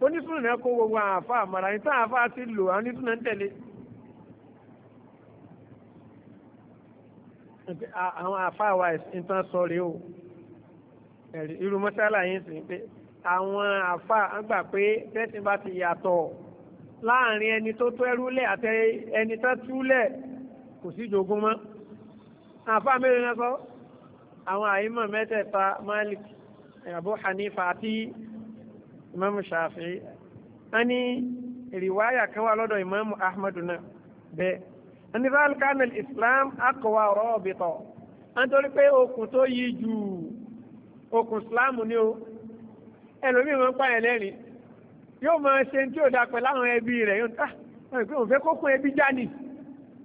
onísùnà náà kó gbogbo àfa àmàrà ní tá àfa ti lò àwọn onísùnà ń tẹ̀lé. àwọn àfa wa ìtàn sọ rèé o irú mọ́sálà yín sì ń pé àwọn àfa gbà pé tẹ́sí bá ti yàtọ̀ láàrin ẹni tó tó ẹrú lẹ̀ àti ẹni tó tú lẹ̀ kò sí jogún mọ́ àfa mẹ́rin náà sọ àwọn àyímọ̀ mẹ́tẹ̀ẹ̀ta Malik Abu Hanifa àti imamu Shafi, a ní riwaya kan wà imamu ahmadu náà bẹ́ẹ̀ a ní ralkan islam akọwa rọ́ọ̀bìtọ̀ a nítorí pé okùn tó yí ju okùn islam ni o ẹlòmíì máa ń pààyàn lẹ́rìn yóò máa ṣe tí ò dáa pẹ̀lú àwọn ẹbí rẹ̀ yóò ta ah, òun fẹ́ kókun ẹbí jáde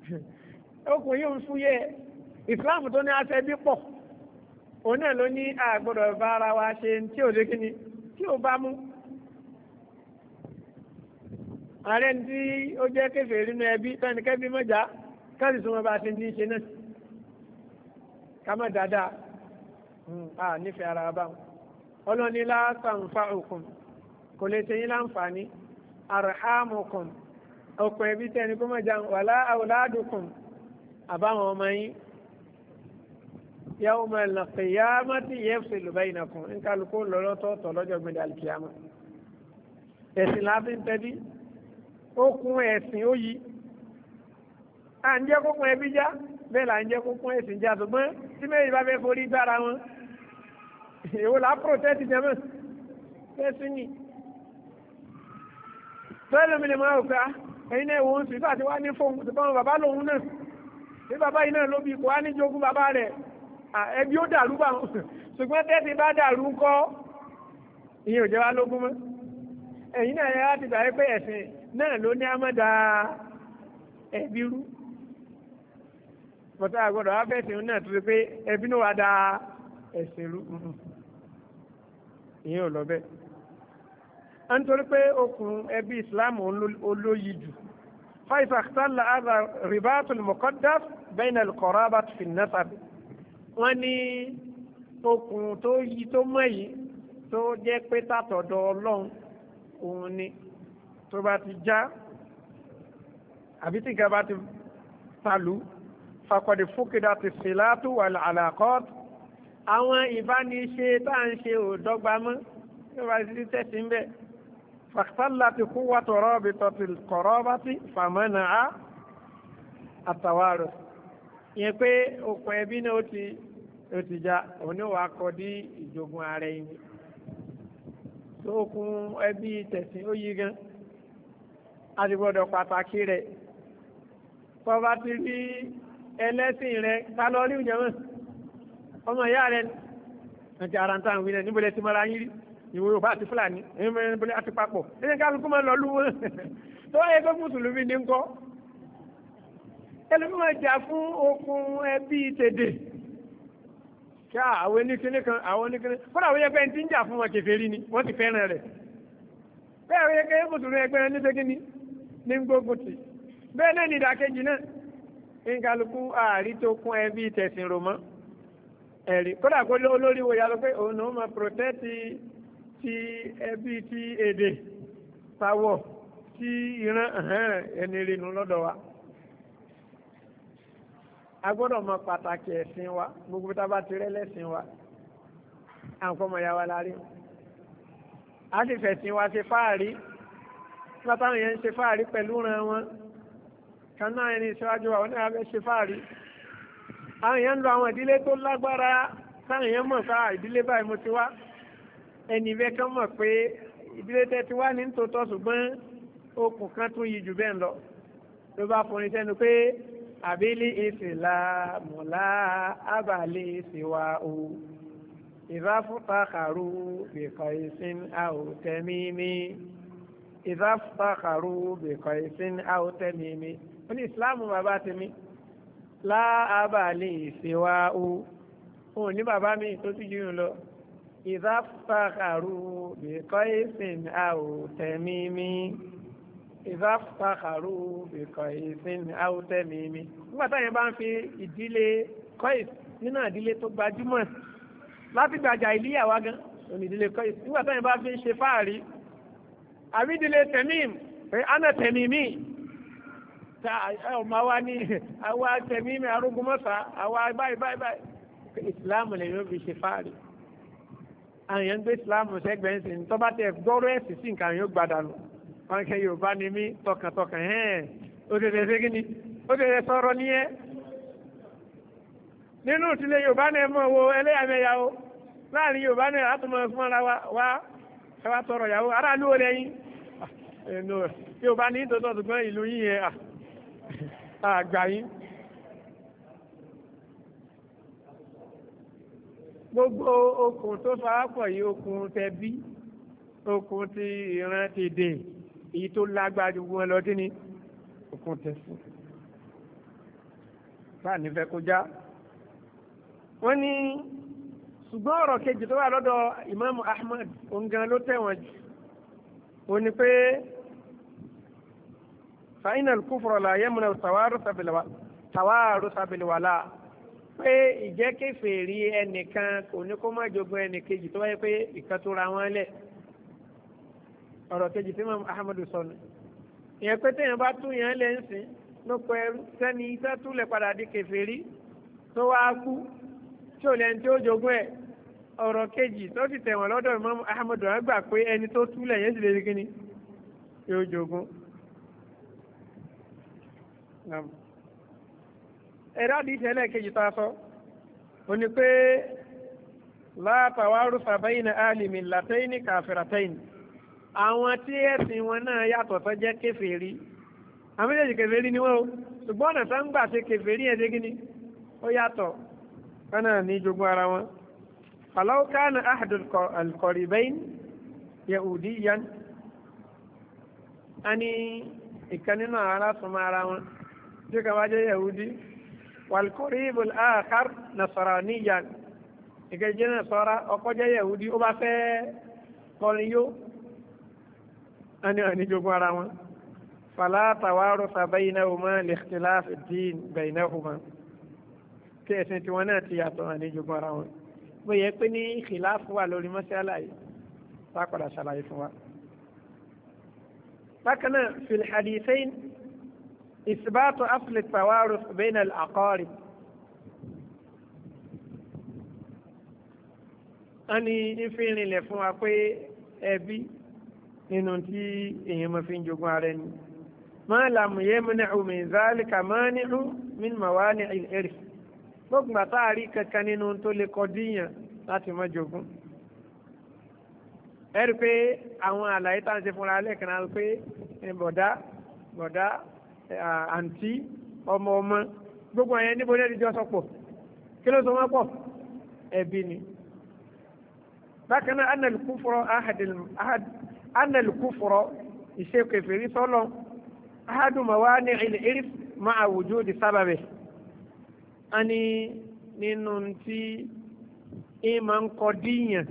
okùn yóò fúyẹ́ islam tó ní aṣẹ ẹbí pọ̀ òun náà ló ní àgbọ̀dọ̀ bá wa ṣe tí ò lé kíni tí ò bá mú ààrẹ ní tí ó jẹ́ kẹfẹ́ nínú ẹbí tani kẹbí mọ́jà káàdì súnmọ́ bá ti ní í ṣe náà ká má dáadáa hmm, a nífẹ̀ẹ́ ara bá wọn ọlọ́ni lásàǹfà òkun kò lè ṣe yín láǹfààní arhamukum ọkọ̀ ẹbí tẹni kó mọ́jà wàlá awladukum àbáwọn ọmọ yín yawma al-qiyamati yafsilu bainakum nkálukú lọ́lọ́tọ̀ọ̀tọ̀ lọ́jọ́ gbẹ̀dẹ̀ àlùkìyàmá ẹ̀sìn láti ń tẹ́bí okùn ẹ̀sìn ó yí à ń jẹ́ kókun ẹbí já bẹ́ẹ̀ là ń jẹ́ kókun ẹ̀sìn já ṣùgbọ́n tí mẹ́rin bá fẹ́ forí gbára wọn èwo là á protẹ́tì jẹ́ mọ́ fẹ́sí ni tọ́lẹ̀ mi lè máa òkà ah, ẹ̀yin náà wọ́n sì fàtí wá ní fóun tó báwọn bàbá lòun náà bí bàbá yìí náà ló bí kò wá ní jogún bàbá rẹ̀ ẹbí ó dàrú bá wọn ṣùgbọ́n tẹ́sí bá dàrú kọ́ ìyẹn ò jẹ́ wá lógún mọ́ ẹ̀yin náà yẹ láti gbà pé ẹ̀sìn náà ló ní amọ́dá ẹbí rú bọ́tá àgbọ̀dọ̀ afẹ́sìn náà tó ṣe pé ẹbí náà wá da ẹ̀sìn rú ìyẹn ò lọ bẹ́ẹ̀ a ń torí pé okùn ẹbí islam olóyi jù faifa sálà àzà ribatul muqaddas bayna al-qarabat fi nasab wọ́n ní okùn tó yí tó mọ̀ yìí tó jẹ́ pé tàtọ̀dọ̀ ọlọ́run òun ni tó bá ti já àbí tí nǹkan bá ti talù fakọ̀dé fúkìdá ti sílátù wà àlàkọ́ àwọn ìbániṣe tá à ń ṣe ò dọ́gba mọ́ tó bá ti tẹ̀sí ń bẹ̀ fàtàlá ti kú wà tọ̀rọ̀ bí tọ̀tì kọ̀rọ̀ bá ti fàmọ́nà á àtàwárò ìyẹn pé okùn ẹbí náà ó ti ó ti já òun kọ dí ìjogún ara ẹni tó kún ẹbí tẹ̀sí ó yí gan àti gbọ́dọ̀ pàtàkì rẹ̀ tọba ti rí ẹlẹ́sìn rẹ̀ ta lọ rí ìjọba ọmọ ìyá rẹ̀ àti ara ń tàn wí náà níbole ti mọ́ra yín rí ìwé òfà àti fúlàní níbole àti papọ̀ ẹni ká kúkú máa lọ lú wọn tó wáyé pé mùsùlùmí ní ń kọ́ ẹlòmí máa jà fún okun ẹbí tèdè kí àwọn oníkíní kan àwọn oníkíní kódà wọ́n yẹ pé ẹni tí ń jà fún wọn kèfèrí ni wọ́n ti fẹ́ràn rẹ̀ bẹ́ẹ̀ wọ́n yẹ pé mùsùlùmí ẹgbẹ́ ẹni tẹ́kíní ní gbógun tì bẹ́ẹ̀ náà ní ìdàkejì náà nkálukú ààrí tó kún ẹbí tẹ̀sìn rò mọ́ ẹ̀rí kódà kó lórí wo yàrá pé òun náà máa protẹ́tì ti ẹbí ti èdè pawọ́ tí ìran ẹni rinu lọ́dọ̀ wa a gbọ́dọ̀ mọ pàtàkì ẹ̀sìn wa gbogbo tá a bá ti rẹ́ lẹ́sìn wa à ń kọ́ mọ̀ ya wa lárí a sì fẹ̀sìn wa ṣe fáàrí nígbà táwọn yẹn ń ṣe fáàrí pẹ̀lú ran wọn kaná ẹni ìṣáájú àwọn náà fẹ́ ṣe fáàrí àwọn yẹn ń lo àwọn ìdílé tó lágbára táwọn yẹn mọ̀ fá ìdílé báyìí mo ti wá ẹnì bẹ́ẹ̀ kan mọ̀ pé ìdílé tẹ́ ti wá ní tòótọ́ ṣùgbọ́n okùn kan tún yí jù bẹ́ẹ̀ lọ ló bá fọrin sẹ́nu pé àbílí ìsìlá mọ̀lá àbálẹ̀ ìsìwà o ìbáfúta kàrú bìkọ̀ ìsìn àwòtẹ́mí mi ìzáfàkàrú bìkọ́ ìsìn àwòtẹ́ mi mi ó ní ìsìláàmù bàbá tèmi láàbàlì ìṣèwà ó ní bàbá mi tó ti jù lọ ìzáfàkàrú bìkọ́ ìsìn àwòtẹ́ mi mi ìzáfàkàrú bìkọ́ ìsìn àwòtẹ́ mi mi nígbà táyẹ̀ bá ń fi ìdílé kọ́ìs nínú ìdílé tó gbajúmọ̀ láti gbàjà ìlíyàwó gan òní ìdílé kọ́ìs nígbà táyẹ̀ bá fi ń ṣe fáàrí àbí ìdílé tẹ̀mím pé ana tẹ̀mímì tá ọmọ wa ní àwa tẹ̀mímì arúgbómọ́sá àwa báyìí báyìí báyìí ìsìláàmù lè yóò fi ṣe fáàrí àwọn èèyàn gbé ìsìláàmù sẹ́gbẹ̀ẹ́ sí ní tọ́ba tẹ gbọ́rọ̀ ẹ̀sìn sí nǹkan yóò gbadànù wọn kẹ Yorùbá ni mí tọkàntọkàn hẹ́ẹ̀ ó tètè ṣe kí ni ó tètè sọ̀rọ̀ nìyẹn nínú ìtìlẹ̀ Yorùbá náà mọ̀ wo ẹlẹ́yàmẹ̀yà o láàrin Yorùbá náà látọmọ fún wa wá ẹ wá tọrọ ìyàwó aráàlú ò lẹ́yìn ẹnu tí o bá ní tòótọ́ ṣùgbọ́n ìlú yín yẹn àgbà yín. gbogbo okùn tó fàápọ̀ yìí okùn tẹ bí okùn ti ìran ti dè èyí tó lágbára ju wọn lọ dín ní okùn tẹ sí. báà nífẹ̀ẹ́ kó já. wọ́n ní ṣùgbọ́n ọ̀rọ̀ kejì tó wà lọ́dọ̀ Imam Ahmad òun gan ló tẹ̀wọ̀n jù ó ní pé fàyínà kúfọ̀rọ̀ là yẹ múnà tàwárò sàbẹ̀lẹ̀wàlà pé ìjẹ́ kèfèrí ẹnìkan kò ní kó má jogun ẹnìkejì tó wáyé pé ìkan tó ra wọn lẹ̀ ọ̀rọ̀ kejì tí mọ̀ Ahmadu sọnù ìyẹn pé téèyàn bá tún yẹn lẹ́ ń sìn ló pẹ́ sẹ́ni iṣẹ́ túlẹ̀ padà di kèfèrí tó wáá kú tí ò lẹ́ni tí ó jogun ẹ̀ ọ̀rọ̀ kejì tó ti tẹ̀wọ̀n lọ́dọ̀ mọ́ Ahmadu wọn pé ẹni tó túlẹ̀ yẹn sì lè rí kíni yóò jogun ẹ̀rọ àdìsí ẹlẹ́ẹ̀kejì tá a sọ ó ní pé látàwárù sàbẹ́yìn àlìmí làtẹ́yìn kàfìràtẹ́yìn àwọn tí ẹ̀sìn wọn náà yàtọ̀ tó jẹ́ kèfèrí àwọn méjèèjì kèfèrí ni wọ́n o ṣùgbọ́n ọ̀nà tó ń gbà ṣe kèfèrí ẹ̀ dégínní ó yàtọ̀ kánà ní jogún ara wọn. falau kana ahadu alqaribain yahudiyan a ní ìkan nínú àwọn ara wọn tí kan wá jẹ́ yahudi wàlkórí ibùl àkàr nasara níyàn ìkẹjẹ nasara ọkọ jẹ́ yahudi ó bá fẹ́ kọrin yó ẹni ọ̀ní jogún ara wọn fàlá tàwárò sàbẹ́yìn náà mọ́ lẹ́kìtìlá fìdín bẹ̀yìn náà mọ́ kí ẹ̀sìn tiwọn náà ti yàtọ̀ ọ̀ní jogún ara wọn bó yẹ pé ní ìkìláàfù wà lórí mọ́sálà yìí wá padà ṣàlàyé fún wa. bákan náà fìlhadìsẹ́yìn إثبات أصل التوارث بين الأقارب أني ìfihàn ilẹ̀ fún wa pé ẹbí nínú tí èèyàn máa fi ń jogún ara ẹni ما لم يمنع من ذلك مانع من موانع الإرث gbogbo àtàrí kankan nínú tó lè kọ díyàn láti má jogún ẹ rí i pé àwọn àlàyé tá à ń ṣe fúnra lẹ́ẹ̀kan náà pé bọ̀dá bọ̀dá Eh, àǹtí ọmọ ọmọ gbogbo ẹ̀yẹn níbo lẹ́ni jọ sọpọ̀ kí ló sọ wọ́n pọ̀ ẹbí ni. bákan náà anna al-kufra anna al-kufra ìṣe kèfèrí sọ́lọ́ ahadu mawani al-irf ma'a wujudi sábàbẹ̀. a ní nínú tí ìmọ̀ ń kọ díyàn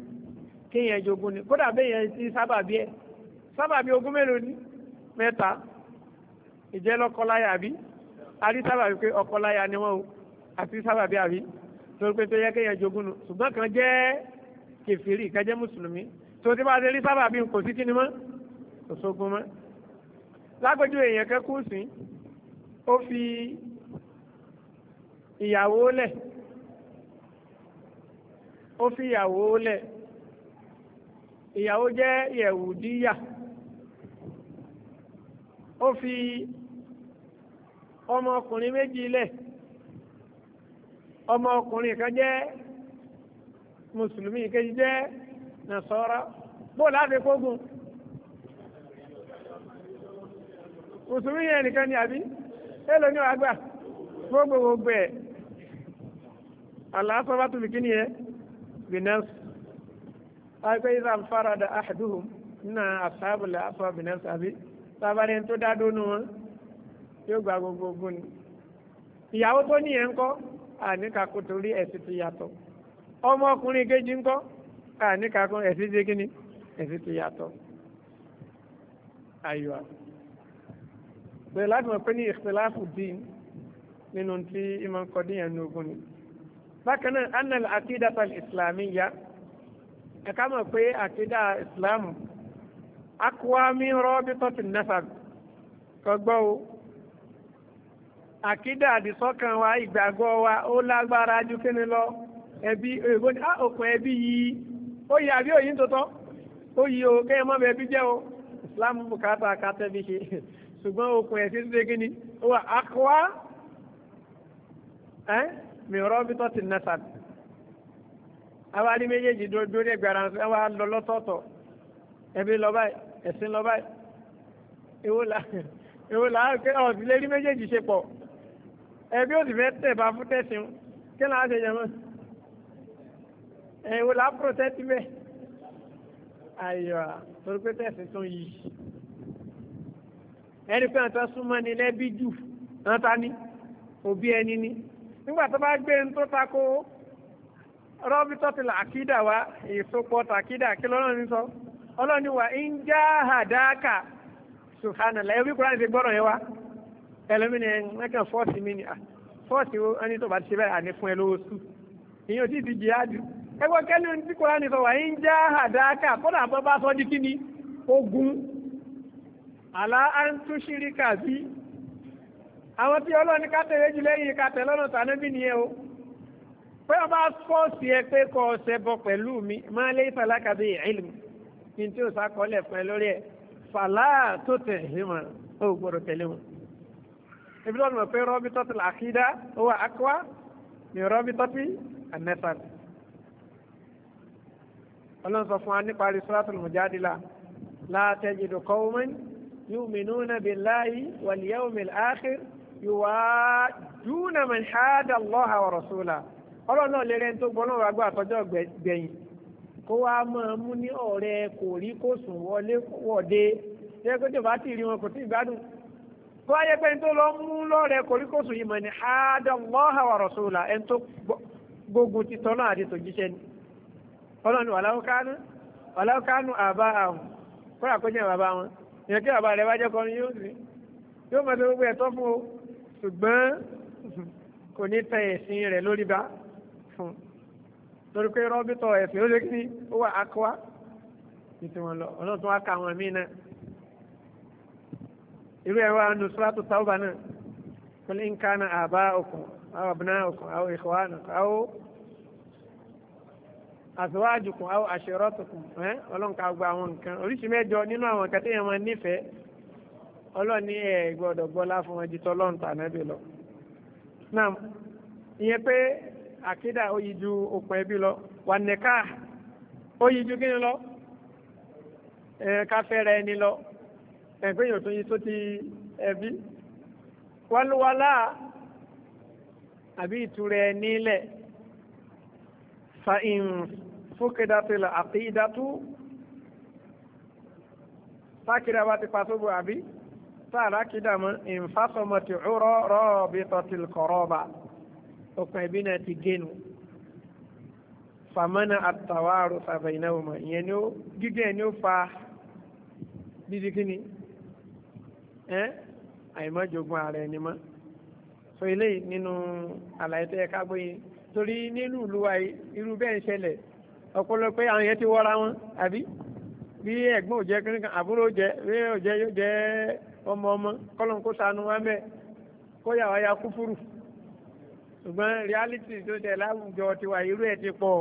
kéèyàn jogún ni kódà bẹ́ẹ̀ yẹn ti sábàbí ẹ̀ sábàbí ogún mélòó ni mẹ́ta ìjẹ́ lọ́kọláya àbí arí sábà wípé ọkọláya ni wọ́n o àti sábà bí àbí torí pé tó yẹ kéèyàn jogún nu ṣùgbọ́n kan jẹ́ kèfèrí kan jẹ́ mùsùlùmí tó ti bá délé sábà bí kò sí kíni mọ́ kò sógun mọ́ lágbójú èèyàn kẹ́kọ̀ọ́ sí ó fi ìyàwó lẹ̀ ó fi ìyàwó lẹ̀ ìyàwó jẹ́ yẹ̀wùdíyà ó fi ọmọ ọmọkùnrin méjì ọmọ ọmọkùnrin kan jẹ́ mùsùlùmí kejì jẹ́ nàṣọ́ra bó láti kógun mùsùlùmí yẹn nìkan ni àbí èlò ní wàá gbà gbogbo gbogbo ẹ̀ àlàáfọ́ bá tóbi kíni yẹn bìnẹ́s àìpẹ́ ìzà farada ahaduhum nínú àṣàbùlà àfọ̀ bìnẹ́s àbí sábà ní tó dá dónú wọn. yóò gba gbogbo ogun ni ìyàwó tó ní yẹn ń kọ́ àníkàkó torí ẹ̀sìn ti yàtọ̀ ọmọ ọkùnrin kejì ń kọ́ àníkàkó ẹ̀sìn ti kíni ẹ̀sìn ti yàtọ̀ ayọ̀ bẹ́ẹ̀ láti mọ̀ pé ní ìṣẹ̀láfù dín nínú tí ìmọ̀ ń díyàn ní ogun ni bákan náà anal akidata islamiyya ẹ̀ka mọ̀ pé akida islam akwa mi rọ́ bí tọ́tù nafag kọgbọ́ o àkídà àdìsọ́kàn wa ìgbàgbọ́ wa ó lágbára ju kíni lọ ẹbí òyìnbó ní okùn ẹbí yìí ó yí àbí òyìn tó tọ́ ó yí o kéèyàn mọ́ bẹ́ẹ̀ bí jẹ́ o Islam bùkátà kátẹ́bí ṣe ṣùgbọ́n okùn ẹ̀sìn tó ṣe kíni ó wà akwa ẹ́ mìíràn bí tọ́ ti nẹ́sà awárí méjèèjì dórí ẹgbẹ̀rẹ̀ àwọn ẹwà lọ lọ́tọ̀ọ̀tọ̀ ẹbí lọ báyìí ẹ̀sìn lọ báyìí èwo là èwo là ọ̀sìn lérí méjèèjì ṣe pọ̀ ẹbí ó sì fẹ́ tẹ̀bá fún tẹ̀sìn kí ló ń ṣe jẹun ẹ̀wò là á protect bẹ́ẹ̀ ayọ̀ torí pé tẹ̀sìn tún yìí ẹni pé àtọ́ súnmọ́ ni lẹ́bí jù náà ta ni òbí ẹni ni nígbà tó bá gbé ń tó takò rọ́bì tọ́tìlà àkídà wa ìsopọ̀ tàkídà kí lọ́nà ní sọ ọlọ́ni wa ń já àdáàkà subhanallah ẹ̀rí kúrò àti gbọ́dọ̀ yẹn wa. ẹlòmínì ẹ̀kan fọ́ọ̀sì mi ni ah, fọ́ọ̀sì ẹni tó bá ti ṣe bẹ́ẹ̀ àní fún ẹ lówó sùn ìyẹn ò tí ì ti jihadu ẹgbẹ́ kẹ́lí ohun tí kọ́lá sọ ń já bá sọ di kíni ogun àlá àǹtúṣírí kàbí àwọn tí ká tẹ̀lé jù lẹ́yìn ká nìyẹn o pé ọba fọ́ọ̀sì ẹ pé bọ pẹ̀lú mi máa lé ibi tó mọ̀ pé rabitatul aqida huwa aqwa min rabitati an-nasab ọlọ́run sọ fún wa níparí suratul mujadila la tajidu qawman yu'minuna billahi wal yawmil akhir yuwadduna man hada Allaha wa rasulahu ọlọ́run náà lè rẹ́ni tó gbọ́ náà wàgbọ́ àtọ́jọ́ gbẹ̀yìn kó wá máa mú ní ọ̀rẹ́ kò rí kó sùn wọlé wọ̀de ṣé kó tó bá ti rí wọn kò tí ì gbádùn tó ayé pé tó lọ mú lọ́rẹ̀ kòríkòsù yìí mọ̀ ní àádọ́mọ́ha wà rọ̀sọ́là ẹn tó gbógun ti tọ́nà àti tòjíṣẹ́ ni ọlọ́ni wàláwọ́kánú àbá àwọn kọ́ra kó jẹ́ bàbá wọn ìyẹn kí bàbá rẹ̀ bá jẹ́ kọrin yóò sí yóò mọ̀ tó gbogbo ẹ̀tọ́ fún o ṣùgbọ́n kò ní tẹ ẹ̀sìn rẹ̀ lórí bá fún torí pé rọ́bìtọ̀ ẹ̀sìn ó lé sí ó wà akọ́wá irú ẹ̀ wá nù sọ́látù tàwùbà náà kul in kana aba'ukum aw abna'ukum aw ikhwanukum aw azwajukum aw ashiratukum ẹ́ ọlọ́nkà gba àwọn nǹkan oríṣi mẹ́jọ nínú àwọn kẹtẹ́ yẹn wọn nífẹ̀ẹ́ ọlọ́ni ẹ̀ gbọ́dọ̀ gbọ́lá fún wọn jìtọ́ lọ́ǹtà nábì lọ. náà ìyẹn pé àkídà ó yí ju okùn ẹbí lọ wà nìka ó yí ju kí ni lọ ẹ̀ káfẹ́ rẹ ni lọ ẹ̀gbẹ́ yóò tún yí tó ti ẹbí wálúwálá àbí ìtura ẹ nílẹ̀ fa'in fúkẹ́dátìlà àkídátú sákìdá bá ti pàṣọ́bù àbí sáàrá kìdá mọ́ ìfásọmọ̀tì ọ̀rọ̀ rọ́ọ̀bì tọ́tìl kọ̀rọ̀bà òpin ẹbí náà ti génu fàmọ́nà àtàwárò sàbẹ̀yìnáwó mọ̀ ìyẹn ni ó gígé ni ó fa dídí kíni ẹ́ àìmọ́jogún ara ẹni mọ́ so eléyìí nínú àlàyé tó yẹ ká gbóyè torí nínú ìlú wa irú bẹ́ẹ̀ ń ṣẹlẹ̀ ọ̀pọ̀lọpọ̀ àwọn yẹn ti wọ́ra wọn àbí bí ẹ̀gbọ́n ò jẹ́ kí nìkan àbúrò jẹ́ bí ò jẹ́ yóò jẹ́ ọmọ ọmọ kọ́lọ́n kó sanu wá mẹ́ kó yà wá ya kúfúrù ṣùgbọ́n reality tó tẹ̀ láwùjọ tiwa irú ẹ̀ ti pọ̀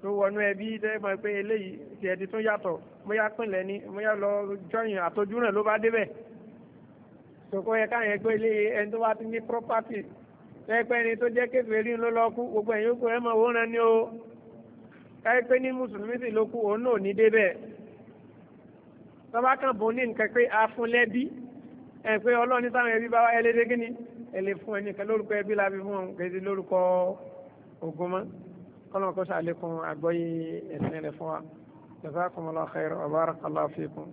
tó wọnú ẹbí tẹ́ mọ̀ pé eléyìí tiẹ̀ ti tún yàtọ̀ bóyá pínlẹ̀ ni bóyá lọ jọyìn àtọ́jú náà ló bá débẹ̀ sòkò yẹ káyọ̀ ẹgbẹ́ ilé ẹni tó bá ti ní property lẹ́pẹ́ ẹni tó jẹ́ kèfèrí ló lọ kú gbogbo ẹ̀yìn ó kú ẹ̀ mọ̀ wọ́n rán ni o káyọ̀pẹ́ ní mùsùlùmí sì ló kú òun náà ní débẹ̀ tọ́ba kan bò ní nǹkan pé a fún lẹ́bí ẹ̀ pé ọlọ́ọ̀ni táwọn ẹbí bá wá ẹlẹ́dẹ́ gíní ẹ lè fún ẹni kan lórúkọ ẹbí la fún òun kèsì lórúkọ ògùn mọ́ kọ́nà kó sàlékún àgbọ́yé ẹ̀sìn rẹ̀ fún wa jazakumullahu khairan